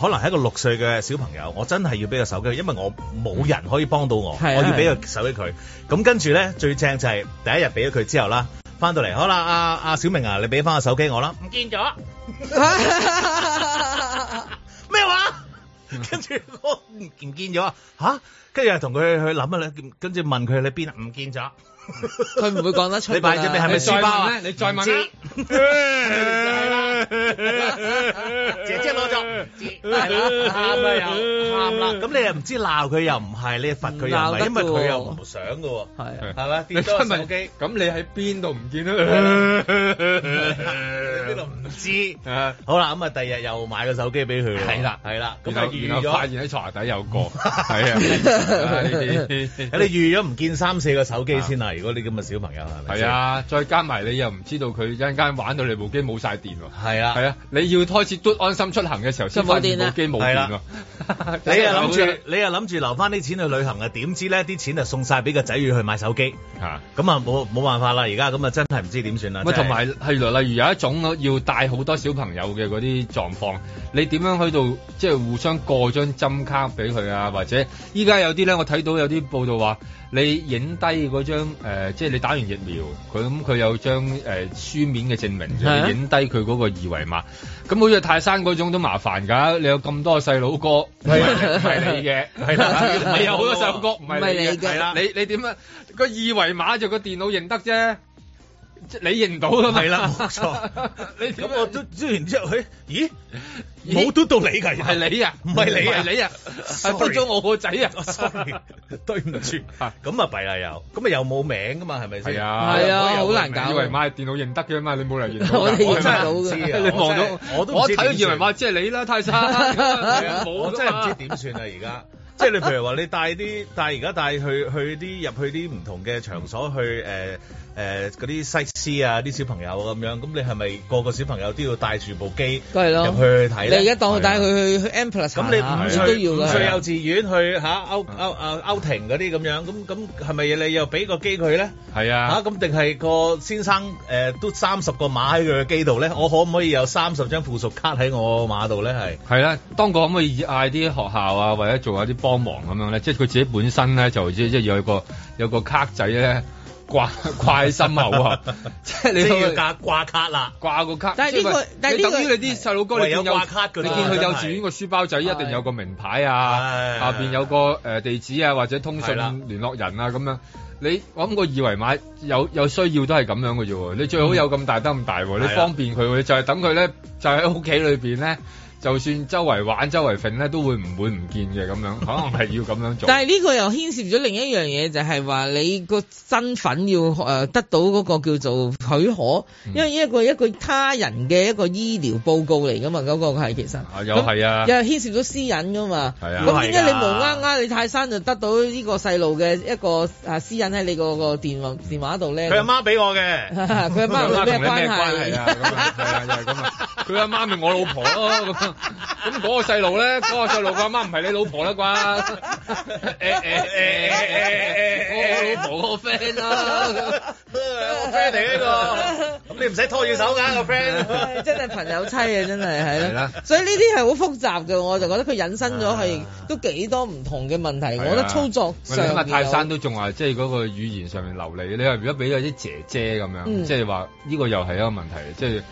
可能係一個六歲嘅小朋友，我真係要俾個手機佢，因為我冇人可以幫到我，嗯、我要俾個手機佢。咁跟住咧，最正就係第一日俾咗佢之後啦，翻到嚟好啦，阿阿、嗯、小明啊，你俾翻個手機我啦，唔見咗咩 話？嗯啊、跟住我唔見咗，吓？跟住係同佢去諗啦，跟住問佢你邊唔見咗？佢唔會講得出。你買隻咩？係咪書包啊？你再問。姐姐攞咗。係啦。喊啦又。喊啦。咁你又唔知鬧佢又唔係，你罰佢又唔係，因為佢又唔想噶。係啊。係嘛？跌咗部機。咁你喺邊度唔見啊？邊度唔知？啊。好啦，咁啊，第二日又買個手機俾佢。係啦，係啦。咁啊，預咗。發現喺床下底有個。係啊。咁你預咗唔見三四個手機先啦。嗰啲咁嘅小朋友係咪？係啊，再加埋你又唔知道佢一陣間玩到你部機冇晒電喎。係啊，係啊，你要開始都安心出行嘅時候先發電部機冇電喎、啊。 你又諗住，你又諗住留翻啲錢去旅行啊？點知咧啲錢就送晒俾個仔要去買手機嚇。咁啊冇冇辦法啦？而家咁啊真係唔知點算啦。同埋係例如有一種要帶好多小朋友嘅嗰啲狀況，你點樣去到？即係互相過張針卡俾佢啊，啊？或者依家有啲咧，我睇到有啲報道話你影低嗰張。誒、呃，即係你打完疫苗，佢咁佢有張、呃、書面嘅證明，就影低佢嗰個二維碼。咁好似泰山嗰種都麻煩㗎，你有咁多細佬哥，係係 你嘅，係啦， 你有好多細佬哥，唔係你係啦，你你點啊？個二維碼就個電腦認得啫。你認到啦，咪啦、啊，冇錯。 你咁我都嘟完之後，佢咦冇嘟到你㗎，係你啊，唔係你啊，係嘟咗我個仔啊，sorry 對唔住，咁啊弊啦又，咁啊又冇名噶嘛，係咪先？係啊，好、啊、難搞。二維碼係電腦認得嘅嘛，你冇理由認得，我真係唔知、啊、 你望到我都我睇到二維碼即係你啦， 泰山。啊、我真係唔知點算啦，而家 即係你譬如話，你帶啲帶而家帶去去啲入去啲唔同嘅場所去、呃誒嗰啲西施啊，啲小朋友咁樣，咁你係咪個個小朋友都要帶住部機入去去睇呢？你而家當佢帶佢去、啊、去 M+ 咁、啊、你五歲都要啦，五歲幼稚園去嚇歐歐啊歐庭嗰啲咁樣，咁咁係咪你又俾個機佢咧？係啊，嚇咁定係個先生誒、呃、都三十個碼喺佢嘅機度咧？我可唔可以有三十張附屬卡喺我碼度咧？係係啦，當我可唔可以嗌啲學校啊，或者做下啲幫忙咁樣咧？即係佢自己本身咧就即即係有個有個卡仔咧？掛掛心口啊！ 即係你即是要掛掛卡啦，掛個卡。但係、這、呢個，但、這個、你等於你啲細路哥有有，你見掛卡你見佢幼稚園個書包仔一定有個名牌啊，下邊有個誒、呃、地址啊或者通訊聯絡人啊咁樣。你我諗個二維碼有有需要都係咁樣嘅啫。你最好有咁大得咁、嗯、大、啊，你方便佢，你就係等佢咧，就喺屋企裏邊咧。就算周圍玩周圍揈咧，都會唔會唔見嘅咁樣，可能係要咁樣做。 但係呢個又牽涉咗另一樣嘢，就係、是、話你個身份要誒得到嗰個叫做許可，嗯、因為一個一個他人嘅一個醫療報告嚟噶嘛，嗰、那個係其實有又係啊，又牽牽涉到私隱噶嘛。係啊，咁點解你無啱啱你泰山就得到呢個細路嘅一個啊私隱喺你個個電話話度咧？佢阿媽俾我嘅，佢 阿媽同你咩關係啊？ 係係咁啊。 佢阿媽咪我老婆咯。咁、哦、嗰、嗰個細路咧，嗰、嗰個細路個阿媽唔係你老婆啦啩？我老婆個 friend 咯，好 friend 嚟，呢個咁、哎、你唔使拖住手噶個 friend，真係朋友妻啊，真係係啦。所以呢啲係好複雜嘅，我就覺得佢引申咗係都幾多唔同嘅問題，啊，我覺得操作上。泰山都仲話即係嗰個語言上面流利，你話如果俾咗啲姐姐咁樣，即係話呢個又係一個問題，即係。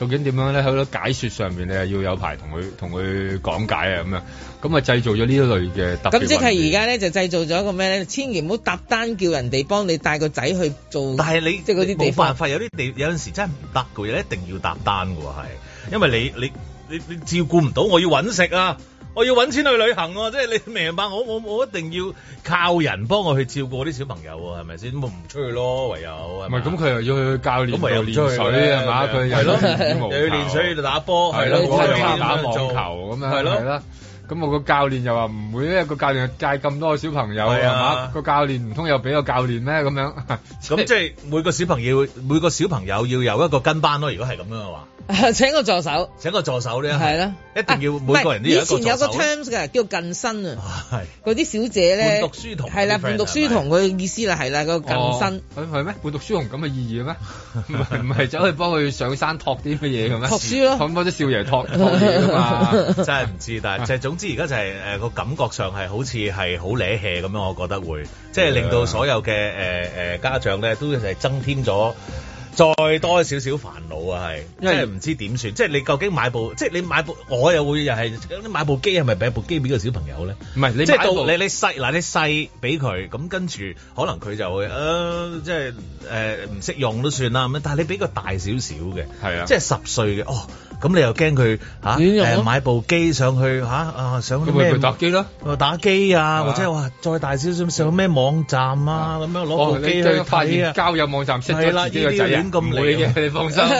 究竟點樣咧？喺嗰解説上面，你係要有排同佢同佢講解啊咁樣，咁啊製造咗呢一類嘅特別運咁，即係而家咧就製造咗一,一個咩咧？千祈唔好搭單叫人哋幫你帶個仔去做。但係你即係嗰啲冇辦法，有啲地有陣時真係唔得噶，有啲一定要搭單喎，係，因為你你你你照顧唔到，我要搵食啊！我要揾錢去旅行、啊，即係你明白我我我一定要靠人幫我去照顧我啲小朋友、啊，係咪先？咁唔出去咯，唯有。唔係咁佢又要去教練唯有，去唯有練水係嘛？佢又要練羽又要練水度打波，係咯，打網球咁樣係啦。咁我個教練又話唔會一個教練界咁多小朋友係嘛？個教練唔通又俾個教練咩咁樣？咁即係每個小朋友每個小朋友要有一個跟班咯、啊。如果係咁樣嘅話。請個助手，請個助手咧，係咯、啊，一定要每個人都、啊、有以前有一個 terms 嘅叫近身啊，係嗰啲小姐咧，伴讀書童，係啦，伴讀書童嘅意思啦，係啦、啊，個近身。咁係咩？伴讀書童咁嘅意義咩？唔係走去幫佢上山托啲乜嘢咁啊？託書咯，託啲少爺托。 真係唔知，但係就總之而家就係誒個感覺上係好似係好惹氣咁樣，我覺得會即係令到所有嘅誒誒家長咧都係增添咗。再多少少煩惱啊，係因為唔知點算，即係你究竟買部，即係你買部，我又會又係，你買部機係咪俾部機俾個小朋友咧？唔係，你買即係到你你細嗱，你細俾佢，咁跟住可能佢就會誒、呃，即係誒唔識用都算啦咁樣。但係你俾個大少少嘅，係啊，即係十歲嘅，哦。咁你又驚佢嚇？誒買部機上去嚇啊！想咩？咁咪去打機咯！啊打機啊，或者話再大少少上咩網站啊？咁樣攞部機去睇啊！你發現交友網站識咗自己個仔啊？咁亂咁嚟嘅，你放心，好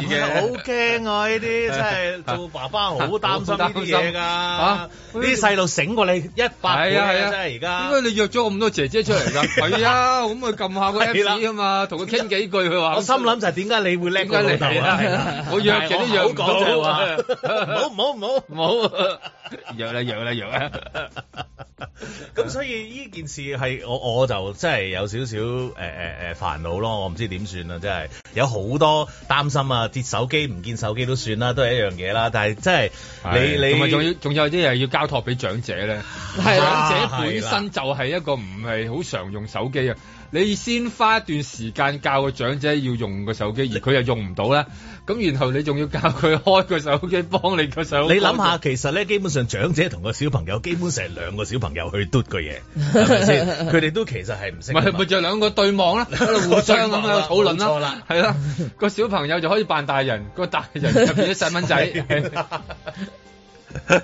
嘅，好驚啊！呢啲真係做爸爸好擔心呢啲嘢㗎嚇！啲細路醒過你一百倍啊！真係而家點解你約咗咁多姐姐出嚟㗎？係啊，咁咪撳下個 Apps 啊嘛，同佢傾幾句，佢話我心諗就係點解你會叻過我頭啊？我約住啲。唔好講錯話，好唔好唔好唔好，約啦約啦約啦。咁 所以呢件事係我我就真係有少少誒誒誒煩惱咯，我唔知點算啦，真係有好多擔心啊，跌手機唔見手機都算啦，都係一樣嘢啦。但係真係你你同埋仲要仲有啲係要交託俾長者咧，長者本身就係一個唔係好常用手機啊。你先花一段時間教個長者要用個手機，而佢又用唔到咧，咁然後你仲要教佢開個手機幫你個手機。你諗下，其實咧，基本上長者同個小朋友基本成兩個小朋友去嘟個個嘢，係咪先？佢 哋都其實係唔識。咪咪就兩個對望啦， 互相咁樣討論啦，啊，係咯，個小朋友就可以扮大人，個大人入面啲細蚊仔。係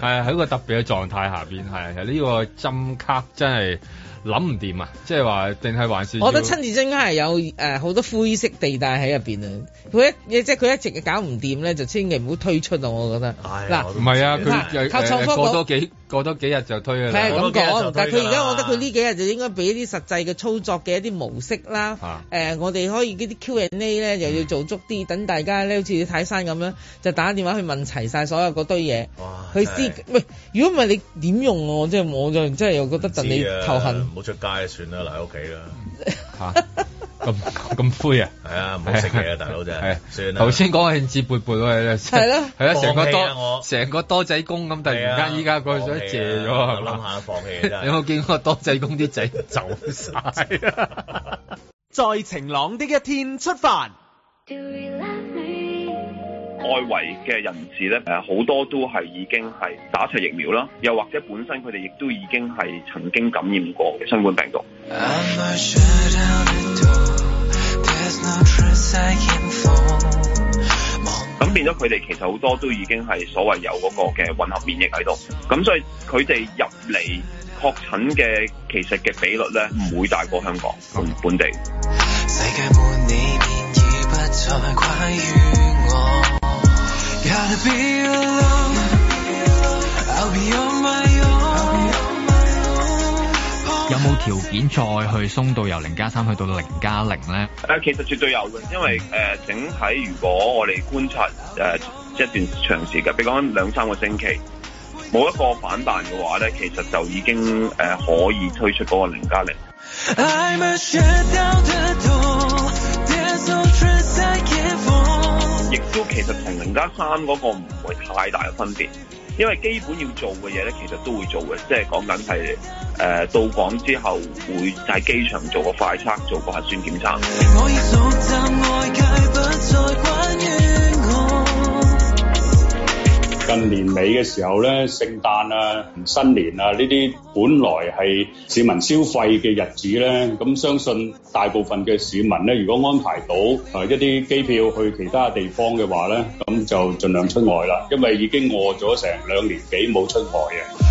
喺， 啊，個特別嘅狀態下面。係呢，啊呢個針卡真係。諗唔掂啊！即係話定係還是？我覺得親自真應該係有誒好、呃、多灰色地帶喺入邊啊！佢一即係佢一直搞唔掂咧，就千祈唔好推出啊！我覺得。係、哎。嗱，唔係啊，佢誒、啊啊呃、過多幾過多幾日就推啊。係咁講，但係佢而家我覺得佢呢幾日就應該俾一啲實際嘅操作嘅一啲模式啦。啊。呃、我哋可以嗰啲 Q&A 咧，又要做足啲、嗯，等大家咧好似泰山咁樣，就打電話去問齊晒所有嗰堆嘢。哇！去試喂，如果唔係你點用、啊、我？即係我就即係又覺得戥你、啊、頭痕。冇出街了，算啦，留喺屋企啦。嚇、啊，咁咁灰啊？係啊，唔好食嘢啊，大佬真係。算啦。頭先講興致勃勃，係咧，係啊，成、啊啊、個多成個多仔公咁，突然間依家過咗一咗，諗下放棄啦、啊。啊、你有冇見過多仔公啲仔 走光了？係啊，在晴朗的一天出發。外圍嘅人士咧，好多都係已經係打齊疫苗啦，又或者本身佢哋亦都已經係曾經感染過嘅新冠病毒。咁，sure no，變咗佢哋其實好多都已經係所謂有嗰個嘅混合免疫喺度，咁所以佢哋入嚟確診嘅其實嘅比率咧唔會大過香港同本地，世界有冇條件再去鬆到由零加三去到零加零呢？誒，其實絕對有嘅，因為誒整體如果我哋觀察誒、呃、一段長時間，比如講兩三個星期冇一個反彈嘅話咧，其實就已經誒、呃、可以推出嗰個零加零。I'm 亦都其實同零加三嗰個唔會太大嘅分別，因為基本要做嘅嘢呢，其實都會做嘅，即係講緊係誒到港之後會喺機場做個快測，做個核酸檢測。近年尾嘅時候呢，聖誕啊、新年啊，呢啲本來係市民消費嘅日子呢，咁相信大部分嘅市民呢，如果安排到啊一啲機票去其他地方嘅話呢，咁就盡量出外啦，因為已經餓咗成兩年幾冇出外啊。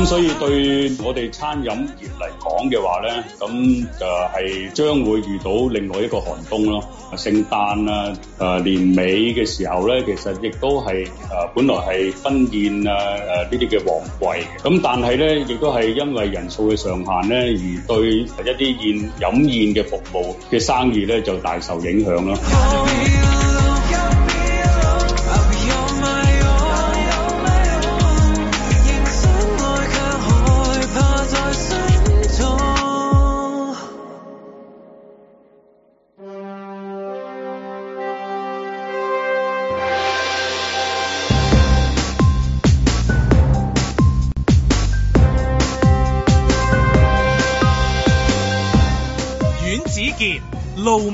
咁所以對我哋餐飲業嚟講嘅話咧，咁就係將會遇到另外一個寒冬咯。聖誕啊，誒、呃、年尾嘅時候咧，其實亦都係誒本來係婚宴啊，誒呢啲嘅旺季。咁但係咧亦都係因為人數嘅上限咧，而對一啲宴飲宴嘅服務嘅生意咧就大受影響咯。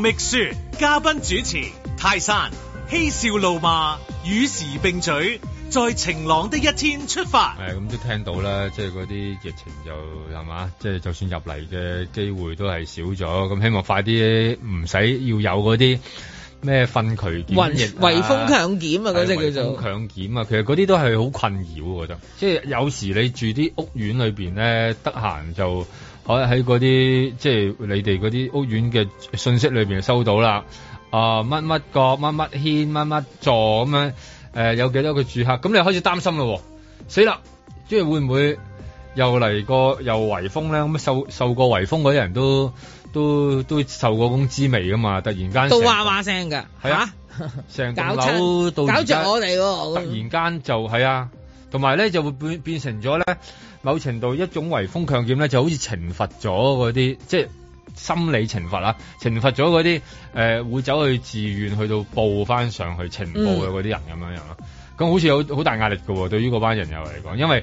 秘書嘉賓主持泰山嬉笑怒罵與時並舉，在晴朗的一天出發。咁、哎、都聽到啦，即係嗰啲疫情就係嘛，即係、就是、就算入嚟嘅機會都係少咗。咁希望快啲唔使要有嗰啲咩分區檢疫、啊，圍圍封強檢啊！嗰啲叫做強檢啊！其實嗰啲都係好困擾，我覺得即係有時你住啲屋苑裏邊咧，得閒就。我喺嗰啲即係你哋嗰啲屋苑嘅信息裏面收到啦，啊乜乜個乜乜軒乜乜座咁樣、呃，有幾多個住客？咁你開始擔心啦喎、哦，死啦！即係會唔會又嚟個又圍封咧？咁受受過圍封嗰啲人都都都受過咁滋味噶嘛？突然間都說話說、啊啊、到哇哇聲係嚇，成棟樓搞住我哋喎、哦、突然間就係、是、啊，同埋咧就會變成咗咧。某程度一種圍封強檢咧，就好似懲罰咗嗰啲，即係心理懲罰啦、啊，懲罰咗嗰啲誒會走去自願去到報翻上去情報嘅嗰啲人咁樣樣咯。咁、嗯、好似有好大壓力嘅喎、哦，對於嗰班人又嚟講，因為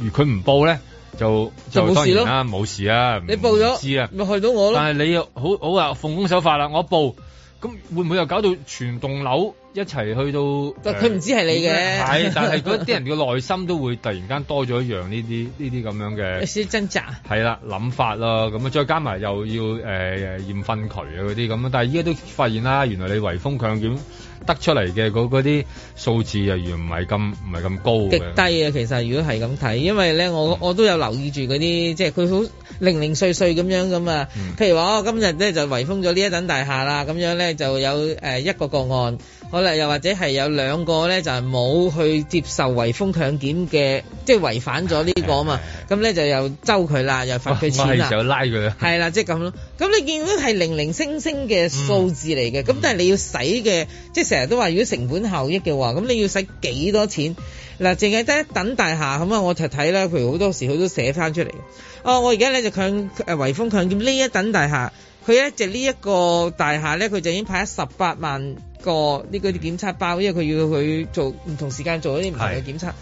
如佢唔報咧，就就當然啦、啊，冇事啊。你報咗，事啊，咪去到我咯。但係你又好好啊，奉公守法啦、啊，我報，咁會唔會又搞到全棟樓？一齊去到，但佢唔知係你嘅、呃。係， 但係嗰啲人嘅內心都會突然間多咗一樣呢啲呢啲咁樣嘅，有少少掙扎。係啦，諗法啦，咁啊，再加埋又要誒、呃、驗憤渠啊嗰啲咁啊，但係依家都發現啦，原來你圍封強檢，得出嚟嘅嗰嗰啲數字又唔係咁唔係咁高嘅，極低啊！其實如果係咁睇，因為咧我我都有留意住嗰啲，即係佢好零零碎碎咁樣咁啊。譬如話我今日咧就圍封咗呢一棟大廈啦，咁樣咧就有誒一個個案，可能又或者係有兩個咧就係冇去接受圍封強檢嘅，即係違反咗呢個啊嘛。咁咧就又揪佢啦，又罰佢錢啦。時候拉佢係啦，即係咁咯。咁你見到係零零星星嘅數字嚟嘅，咁但係你要使嘅即係。成日都話如果成本效益嘅話，咁你要使幾多錢？嗱，淨係得一等大廈咁啊！我就睇啦，佢好多時佢都寫翻出嚟。哦，我而家咧就強誒，維豐強呢一等大廈，佢咧就呢一個大廈咧，佢就已經派咗十八萬個呢嗰啲檢測包，因為佢要去做唔同時間做一啲唔同嘅檢測。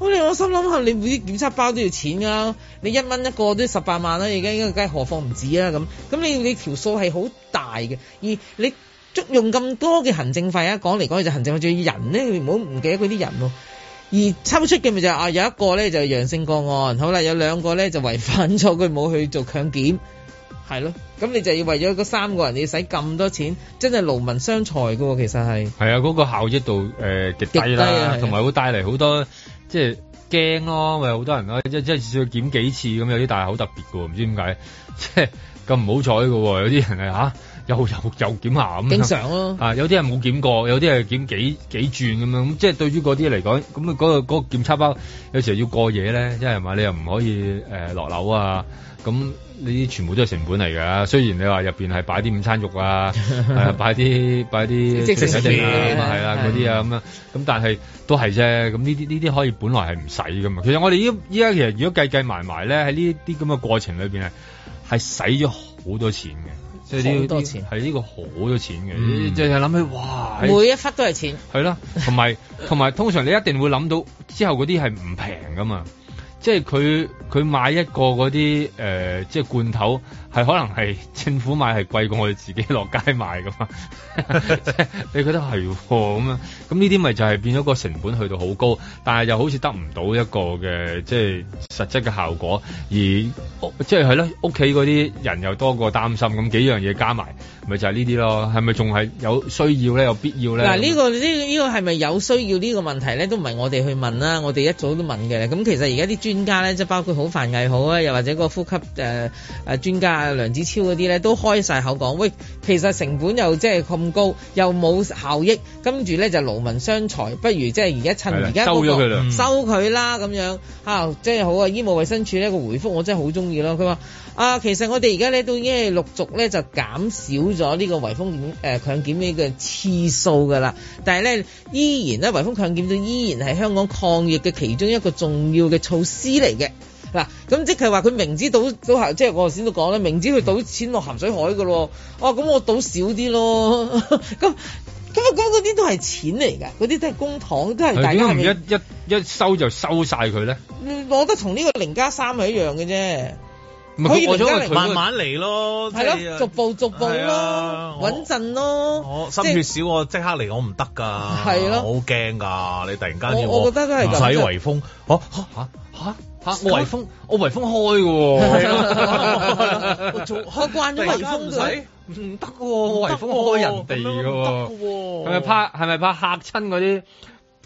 我哋我心諗下，你每啲檢測包都要錢㗎，你一蚊一個都十八萬啦，而家應該梗係何況唔止啊咁。咁你你條數係好大嘅，而你，捉用咁多嘅行政費啊，講嚟講去就行政費仲要人咧，你唔好唔記得嗰啲人喎。而抽出嘅咪就是、啊，有一個咧就係陽性個案，好啦，有兩個咧就違反咗，佢冇去做強檢，係咯。咁你就要為咗嗰三個人你要使咁多錢，真係勞民傷財噶，其實係。係啊，嗰、嗰個效益度誒極、呃、低啦，同埋、啊、會帶嚟好多即係驚咯，咪好多人咯，即係即要檢幾次咁，有啲但係好特別噶，唔知點解即係咁唔好彩噶，有啲人係吓。又又又檢下咁，正常咯。啊，有啲人冇檢過，有啲係檢幾幾轉咁樣。咁、啊嗯、即係對於嗰啲嚟講，咁啊嗰個嗰、嗰個、檢測包有時候要過夜咧，即係嘛，你又唔可以誒落、呃、樓啊。咁呢啲全部都係成本嚟㗎。雖然你話入邊係擺啲午餐肉啊，係擺啲擺啲即食麪啊，係啦嗰啲啊咁樣。咁、啊啊啊啊啊嗯啊、但係都係啫。咁呢啲呢啲可以本來係唔使㗎嘛。其實我哋依依家其實如果計計埋埋咧，喺呢啲咁嘅過程裏邊咧，係使咗好多錢嘅。即係要錢，係呢個好多錢嘅，嗯，淨係、是、諗起哇，每一忽都係錢，係啦，同埋同埋通常你一定會諗到之後嗰啲係唔平噶嘛，即係佢佢買一個嗰啲誒即係罐頭。係可能係政府買係貴過我哋自己落街買噶嘛？即係你覺得係咁樣，咁呢啲咪就係變咗個成本去到好高，但係又好似得唔到一個嘅即係實質嘅效果，而即係係咧屋企嗰啲人又多過擔心，咁幾樣嘢加埋，咪就係呢啲咯。係咪仲係有需要咧？有必要咧？嗱、呢個，呢、呢個呢呢、呢個係咪有需要呢個問題咧？都唔係我哋去問啦，我哋一早都問嘅。咁其實而家啲專家咧，即係包括藝好範藝好啊，又或者個呼吸誒誒專家。梁子超嗰啲咧都開晒口講喂，其實成本又即係咁高，又冇效益，跟住咧就勞民傷財，不如即係而家趁而家收咗佢啦，收佢啦咁樣吓、啊，即係好啊！醫務衛生署呢個回覆我真係好中意咯，佢話啊，其實我哋而家咧都已經係陸續咧就減少咗呢個圍封檢誒強檢呢個次數噶啦，但係咧依然咧圍封強檢都依然係香港抗疫嘅其中一個重要嘅措施嚟嘅。嗱、啊，咁即係話佢明知賭賭即係我頭先都講啦，明知佢賭錢落鹹水海噶、嗯啊、咯，哦咁我賭少啲咯，咁咁啊，嗰啲都係錢嚟噶，嗰啲都係公帑，都係大家係唔係。點解唔一一一收就收晒佢咧？我覺得同呢個零加三係一樣嘅啫、啊，可以凌凌我要慢慢嚟咯，係咯、啊，逐步逐步咯，穩陣、啊、咯。我心血少，我即刻嚟我唔得噶，我，我、啊啊、好驚噶，你突然間要我。使為風，吓吓吓。我圍封，我圍封開喎！我，開、哦、 我做開關咗圍封佢！唔得喎，我圍封開人哋㗎喎，係咪、哦哦、怕？係咪怕吓親嗰啲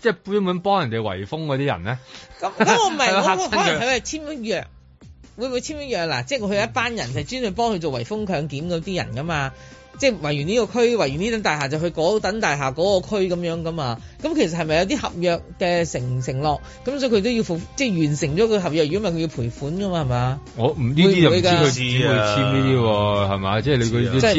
即係專門幫人哋圍封嗰啲人咧？咁 咁我唔不係， 是是我可能佢係簽咗約，會唔會簽咗約？嗱，即係佢有一班人就專去幫佢做圍封強檢嗰啲人噶嘛？即係圍完呢個區，圍完呢等大廈就去嗰等大廈嗰個區咁樣㗎嘛。咁、嗯、其實係咪有啲合約嘅承承諾？咁、嗯、所以佢都要付即係完成咗個合約，如果唔係佢要賠款噶嘛係嘛？我唔呢啲知佢點會簽呢啲喎，係、啊、嘛？即係、就是、你佢完，知啊、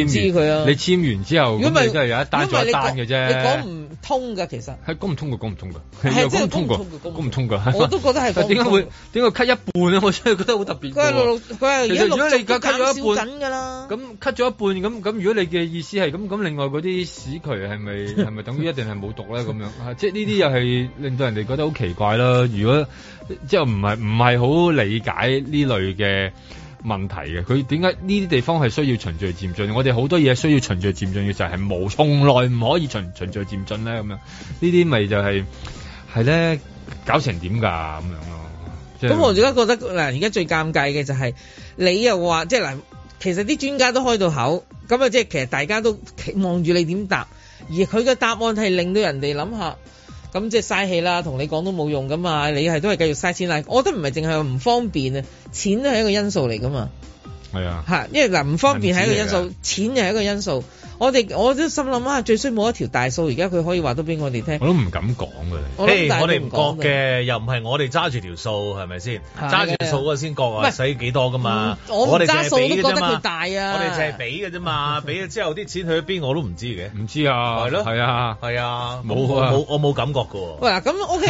你簽完，、啊、完之後，如果係真係有一單做一單嘅啫，你講唔通㗎其實。係講唔通嘅，講唔通㗎。係講唔通講唔 通㗎。我都覺得係。點解會點解 cut 一半呢？我真係覺得好特別。佢係如果，佢係而家六折減少㗎啦。咁 cut 咗一半，咁咁如果你嘅意思係咁咁，另外嗰啲市渠係咪係咪等於一定係冇毒咧？咁 樣即係呢啲又係令到人哋覺得好奇怪啦。如果即係唔係唔係好理解呢類嘅問題嘅，佢點解呢啲地方係需要循序漸進？我哋好多嘢需要循序漸進嘅就係冇無從來唔可以循循序漸進咧。咁樣、就是、呢啲咪就係係咧搞成點㗎咁樣咯？咁、就是、我而家覺得嗱，而家最尷尬嘅就係、是、你又話即係嗱，其實啲專家都開到口。咁啊，即係其實大家都期望住你點答，而佢嘅答案係令到人哋諗下，咁即係嘥氣啦，同你講都冇用噶嘛，你係都係繼續嘥錢啦。我覺得唔係淨係唔方便啊，錢都係一個因素嚟噶嘛。係啊，嚇，因為嗱唔方便係一個因素，錢又係一個因素。我哋我都心諗啊，最衰冇一條大數，而家佢可以話到俾我哋聽，我都唔敢講嘅。嘿，我哋唔、hey, 覺嘅，又唔係我哋揸住條數係咪先？揸住數嘅先覺啊，使幾多噶嘛？我哋覺得佢大啊我哋淨係俾嘅啫嘛，俾咗之後啲錢去咗邊我都唔知嘅，唔知啊，係咯，係啊，係啊，冇、啊啊啊、我冇感覺嘅。喂 那，咁 OK，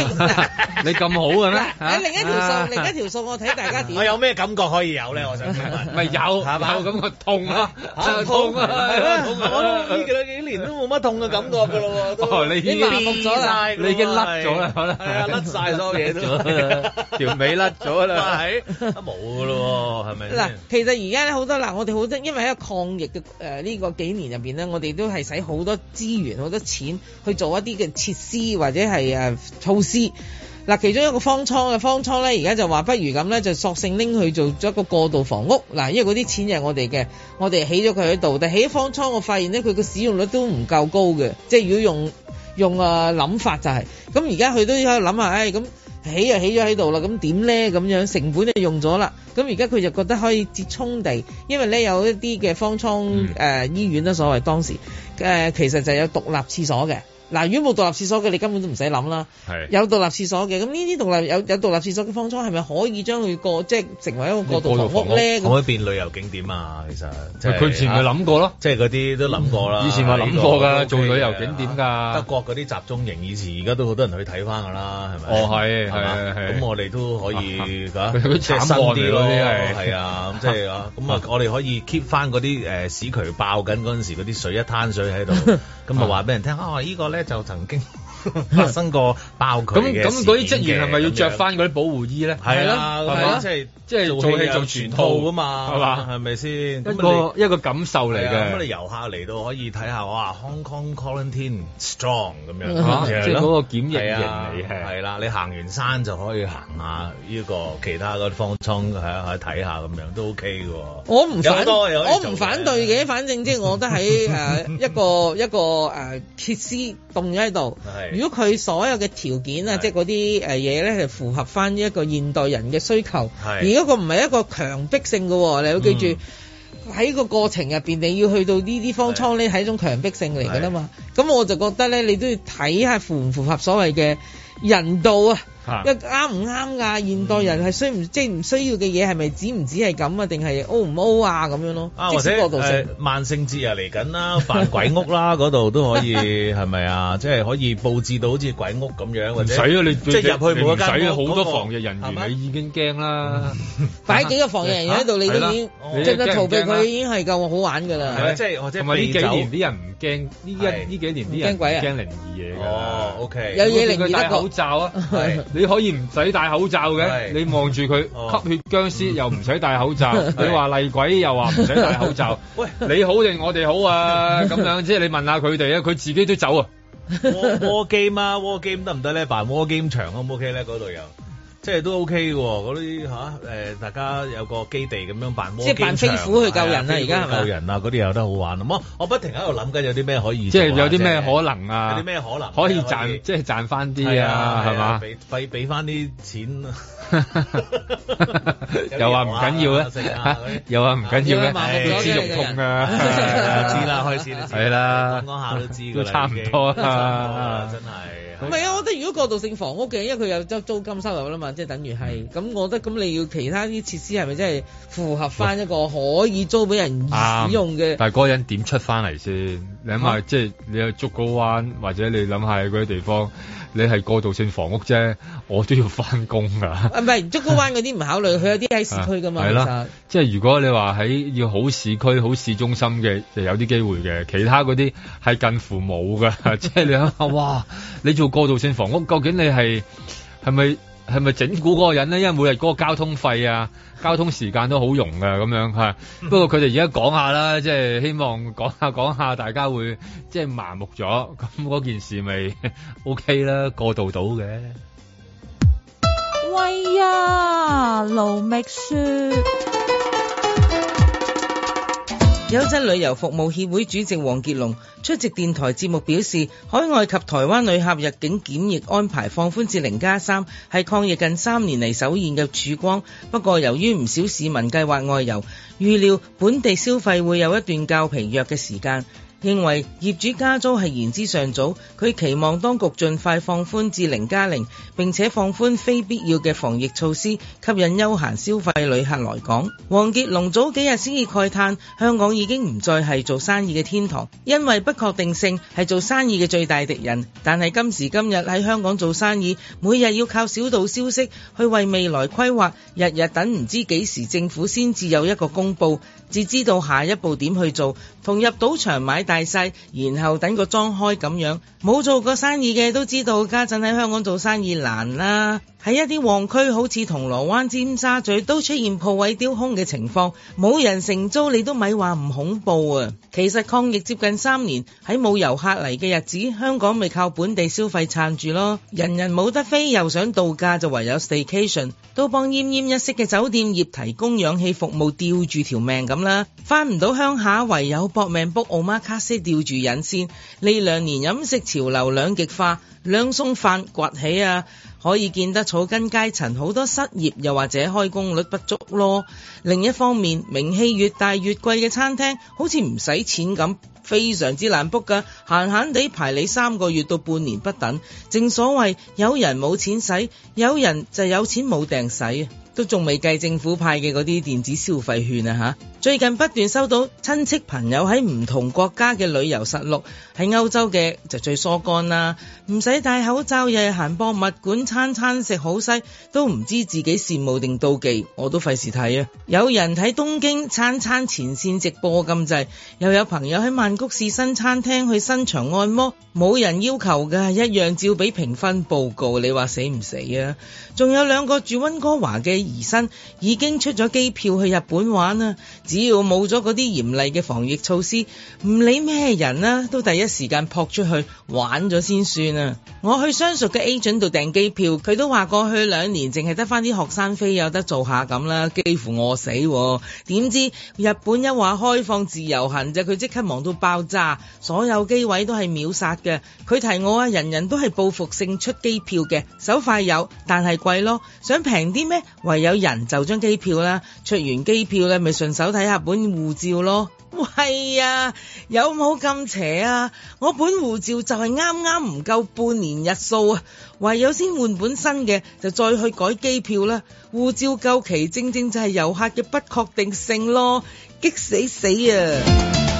你咁好嘅咩、啊？另一條數， 另一條數， 我睇大家點。我有咩感覺可以有咧？我想問。 有，有咁嘅痛啊，嚇痛啊！我呢、啊啊、幾年都冇乜痛嘅感覺㗎咯喎，都你已經麻木咗啦，你已經甩咗啦，可能，甩晒所有嘢都，條尾甩咗啦，冇㗎咯喎，係咪嗱，其實而家咧好多，嗱，我哋好多，因為喺抗疫嘅誒呢個幾年入邊咧，我哋都係使好多資源、好多錢去做一啲嘅設施或者係誒措施。嗱，其中一個方艙啊，方艙咧，而家就話不如咁咧，就索性拎去做咗一個過渡房屋。嗱，因為嗰啲錢就係我哋嘅，我哋起咗佢喺度。但起方艙，我發現咧，佢個使用率都唔夠高嘅。即係如果用用啊諗法就係、是，咁而家佢都喺度諗下，唉、哎，咁起就起咗喺度啦，咁點咧咁樣成本就用咗啦。咁而家佢就覺得可以折衷地，因為咧有一啲嘅方艙誒醫院啦，所謂當時、呃、其實就有獨立廁所嘅。嗱，如果冇獨立廁所嘅，你根本都唔使諗啦。有獨立廁所嘅，咁呢啲獨立有有獨立廁所嘅方艙，係咪可以將佢過即係、就是、成為一個過渡房屋咧？屋屋可，可以變旅遊景點啊！其實、就是，佢以前咪諗過咯，即係嗰啲都諗過啦。以前我諗過㗎，做旅遊景點㗎。德國嗰啲集中營以前而家都好多人去睇翻㗎啦，係咪？哦，係，係啊，係。咁我哋都可以嚇，即係新啲咯，係啊，咁即係啊，咁啊，就是 啊嗯、我哋可以 keep 翻嗰啲誒市渠爆緊嗰陣時嗰啲水一灘水喺度，咁啊話俾人聽 啊，啊這個、呢個咧。就曾經。 發生過爆渠咁咁嗰啲職員係咪要着翻嗰啲保護衣咧？係啦係即係即係做戲做全套㗎嘛，係嘛，係咪先一個一個感受嚟嘅。咁、啊、你遊客嚟到可以睇下哇，Hong Kong quarantine strong 咁樣，即係嗰個檢疫啊，係啦、啊啊啊啊啊，你行完山就可以行下呢、這個其他嗰啲方艙，睇下咁樣都 OK 嘅。我唔反，我唔反對嘅、啊，反正即係我都喺、 啊、一個一個誒殼屍凍咗喺度。啊 如果佢所有嘅條件啊，即係嗰啲誒嘢咧係符合翻一個現代人嘅需求，是而嗰個唔係一個強迫性嘅、哦，你要記住喺、嗯、個過程入邊，你要去到呢啲方艙咧係一種強迫性嚟嘅啦嘛，咁我就覺得咧，你都要睇下符唔符合所謂嘅人道啊。一啱唔啱噶，現代人係需唔即係唔需要嘅嘢係咪只唔止係咁啊？定係 O 唔 O 啊？咁樣咯，即係小角度食。萬聖節又嚟緊啦，扮、啊、鬼屋啦，嗰 度都可以係咪 啊？即、就、係、是、可以佈置到好似鬼屋咁樣，唔使啊！你即係入去每一家，唔使好多防疫人員、那個、你已經驚啦。擺 幾個防疫人員喺度、啊，你都已經即係逃避佢已經係夠好玩噶啦。係啊，即係或者呢幾年啲人唔驚呢一呢幾年啲人驚鬼啊，驚靈異嘢。哦，OK。有嘢靈異，得戴口罩啊！ 你可以唔使戴口罩嘅，你望住佢吸血僵屍、嗯、又唔使戴口罩，你話厲鬼又話唔使戴口罩。 喂，你好定我哋好啊？咁樣即係你問下佢哋啊，佢自己都走啊。War, War game 啊，War game 得唔得咧？扮 War game 場好唔 OK 咧？嗰度又？即係都 OK 喎、哦，嗰啲吓，大家有個基地咁樣辦，即係辦政府去救人啊。而家係咪救人啊，嗰啲又有得好玩啊！我我不停喺度諗緊有啲咩可，啊可，啊、可，可以，即係有啲咩可能啊？有啲咩可能可以賺，即係賺翻啲啊？係嘛、啊？俾翻啲錢， 油啊、 又話唔緊要啊，又話唔緊要咧，知 肉、哎、痛啊。知 啦 是，開始啦，係啦，講講下都知，都、啊啊啊、 差唔多啦， 真係。唔係啊，我覺得如果過渡性房屋嘅，因為佢有租金收入啦嘛，即係等於係咁，嗯、我覺得咁你要其他啲設施係咪真係符合翻一個可以租俾人使用嘅、嗯啊？但係嗰個人點出翻嚟先？你諗下，即係你有竹篙灣，或者你諗下嗰啲地方。你係過渡性房屋啫，我都要翻工噶。啊，唔係竹篙灣嗰啲唔考慮，佢有啲喺市區噶嘛。係啦， 即係如果你話喺要好市區、好市中心嘅，就有啲機會嘅。其他嗰啲係近乎冇噶。即係你諗下，哇！你做過渡性房屋，究竟你係係咪？是係咪整蠱嗰個人咧？因為每日嗰個交通費啊、交通時間都好用噶咁樣，係。不過佢哋而家講下啦，即係希望講下講下，大家會即係麻木咗，咁嗰件事咪 OK 啦，過渡到嘅。喂呀，盧覓雪。優質旅遊服務協會主席黃杰龍出席電台節目，表示海外及台灣旅客入境檢疫安排放寬至零加三，係抗疫近三年嚟，首現嘅曙光。不過，由於唔少市民計劃外遊，預料本地消費會有一段較疲弱嘅時間。認為業主加租係言之尚早，佢期望當局盡快放寬至零加零，並且放寬非必要嘅防疫措施，吸引休閒消費旅客來港。王杰龍早幾日先至慨嘆，香港已經唔再係做生意嘅天堂，因為不確定性係做生意嘅最大敵人。但係今時今日喺香港做生意，每日要靠小道消息去為未來規劃，日日等唔知幾時政府先至有一個公布，至知道下一步點去做。同入賭場買大細，然後等個莊開咁樣，冇做過生意嘅都知道家陣喺香港做生意難啦。喺一啲旺區好似銅鑼灣、尖沙咀都出現鋪位丟空嘅情況，冇人承租，你都咪話唔恐怖啊！其實抗疫接近三年，喺冇遊客嚟嘅日子，香港咪靠本地消費撐住咯。人人冇得飛又想度假，就唯有 staycation 都幫奄奄一息嘅酒店業提供氧氣服務，吊住條命咁啦。翻唔到鄉下，唯有。.搏命卜奧瑪卡斯吊住引線。呢兩年飲食潮流兩極化，兩餸飯崛起啊，可以見得草根階層好多失業又或者開工率不足咯。另一方面，名氣越大越貴嘅餐廳，好似唔使錢咁，非常之難卜噶，閒閒地排你三個月到半年不等。正所謂有人冇錢使，有人就有錢冇訂使，都仲未計政府派嘅嗰啲電子消費券啊嚇。最近不斷收到親戚朋友喺唔同國家嘅旅遊實錄，喺歐洲嘅就最疏肝啦，唔使戴口罩，日日行博物館、餐餐食好西，都唔知自己羨慕定妒忌，我都費事睇啊！有人喺東京餐餐前線直播咁滯，又有朋友喺曼谷試新餐廳去新場按摩，冇人要求㗎，一樣照俾評分報告。你話死唔死啊？仲有兩個住温哥華嘅兒甥已經出咗機票去日本玩啦。只要冇咗嗰啲嚴厲嘅防疫措施，唔理咩人啦，都第一時間撲出去玩咗先算啊！我去相熟嘅 agent 度訂機票，佢都話過去兩年淨係得翻啲學生飛有得做下咁啦，幾乎餓死。點知日本一話開放自由行就佢即刻忙到爆炸，所有機位都係秒殺嘅。佢提我啊，人人都係報復性出機票嘅，手快有，但係貴咯。想平啲咩？唯有人就張機票啦，出完機票咧，咪順手提睇下本護照咯，喂呀，有冇咁邪啊？我本護照就係啱啱唔夠半年日數啊，唯有先換本新嘅，就再去改機票啦。護照夠期，正正就係遊客嘅不確定性咯，激死死啊！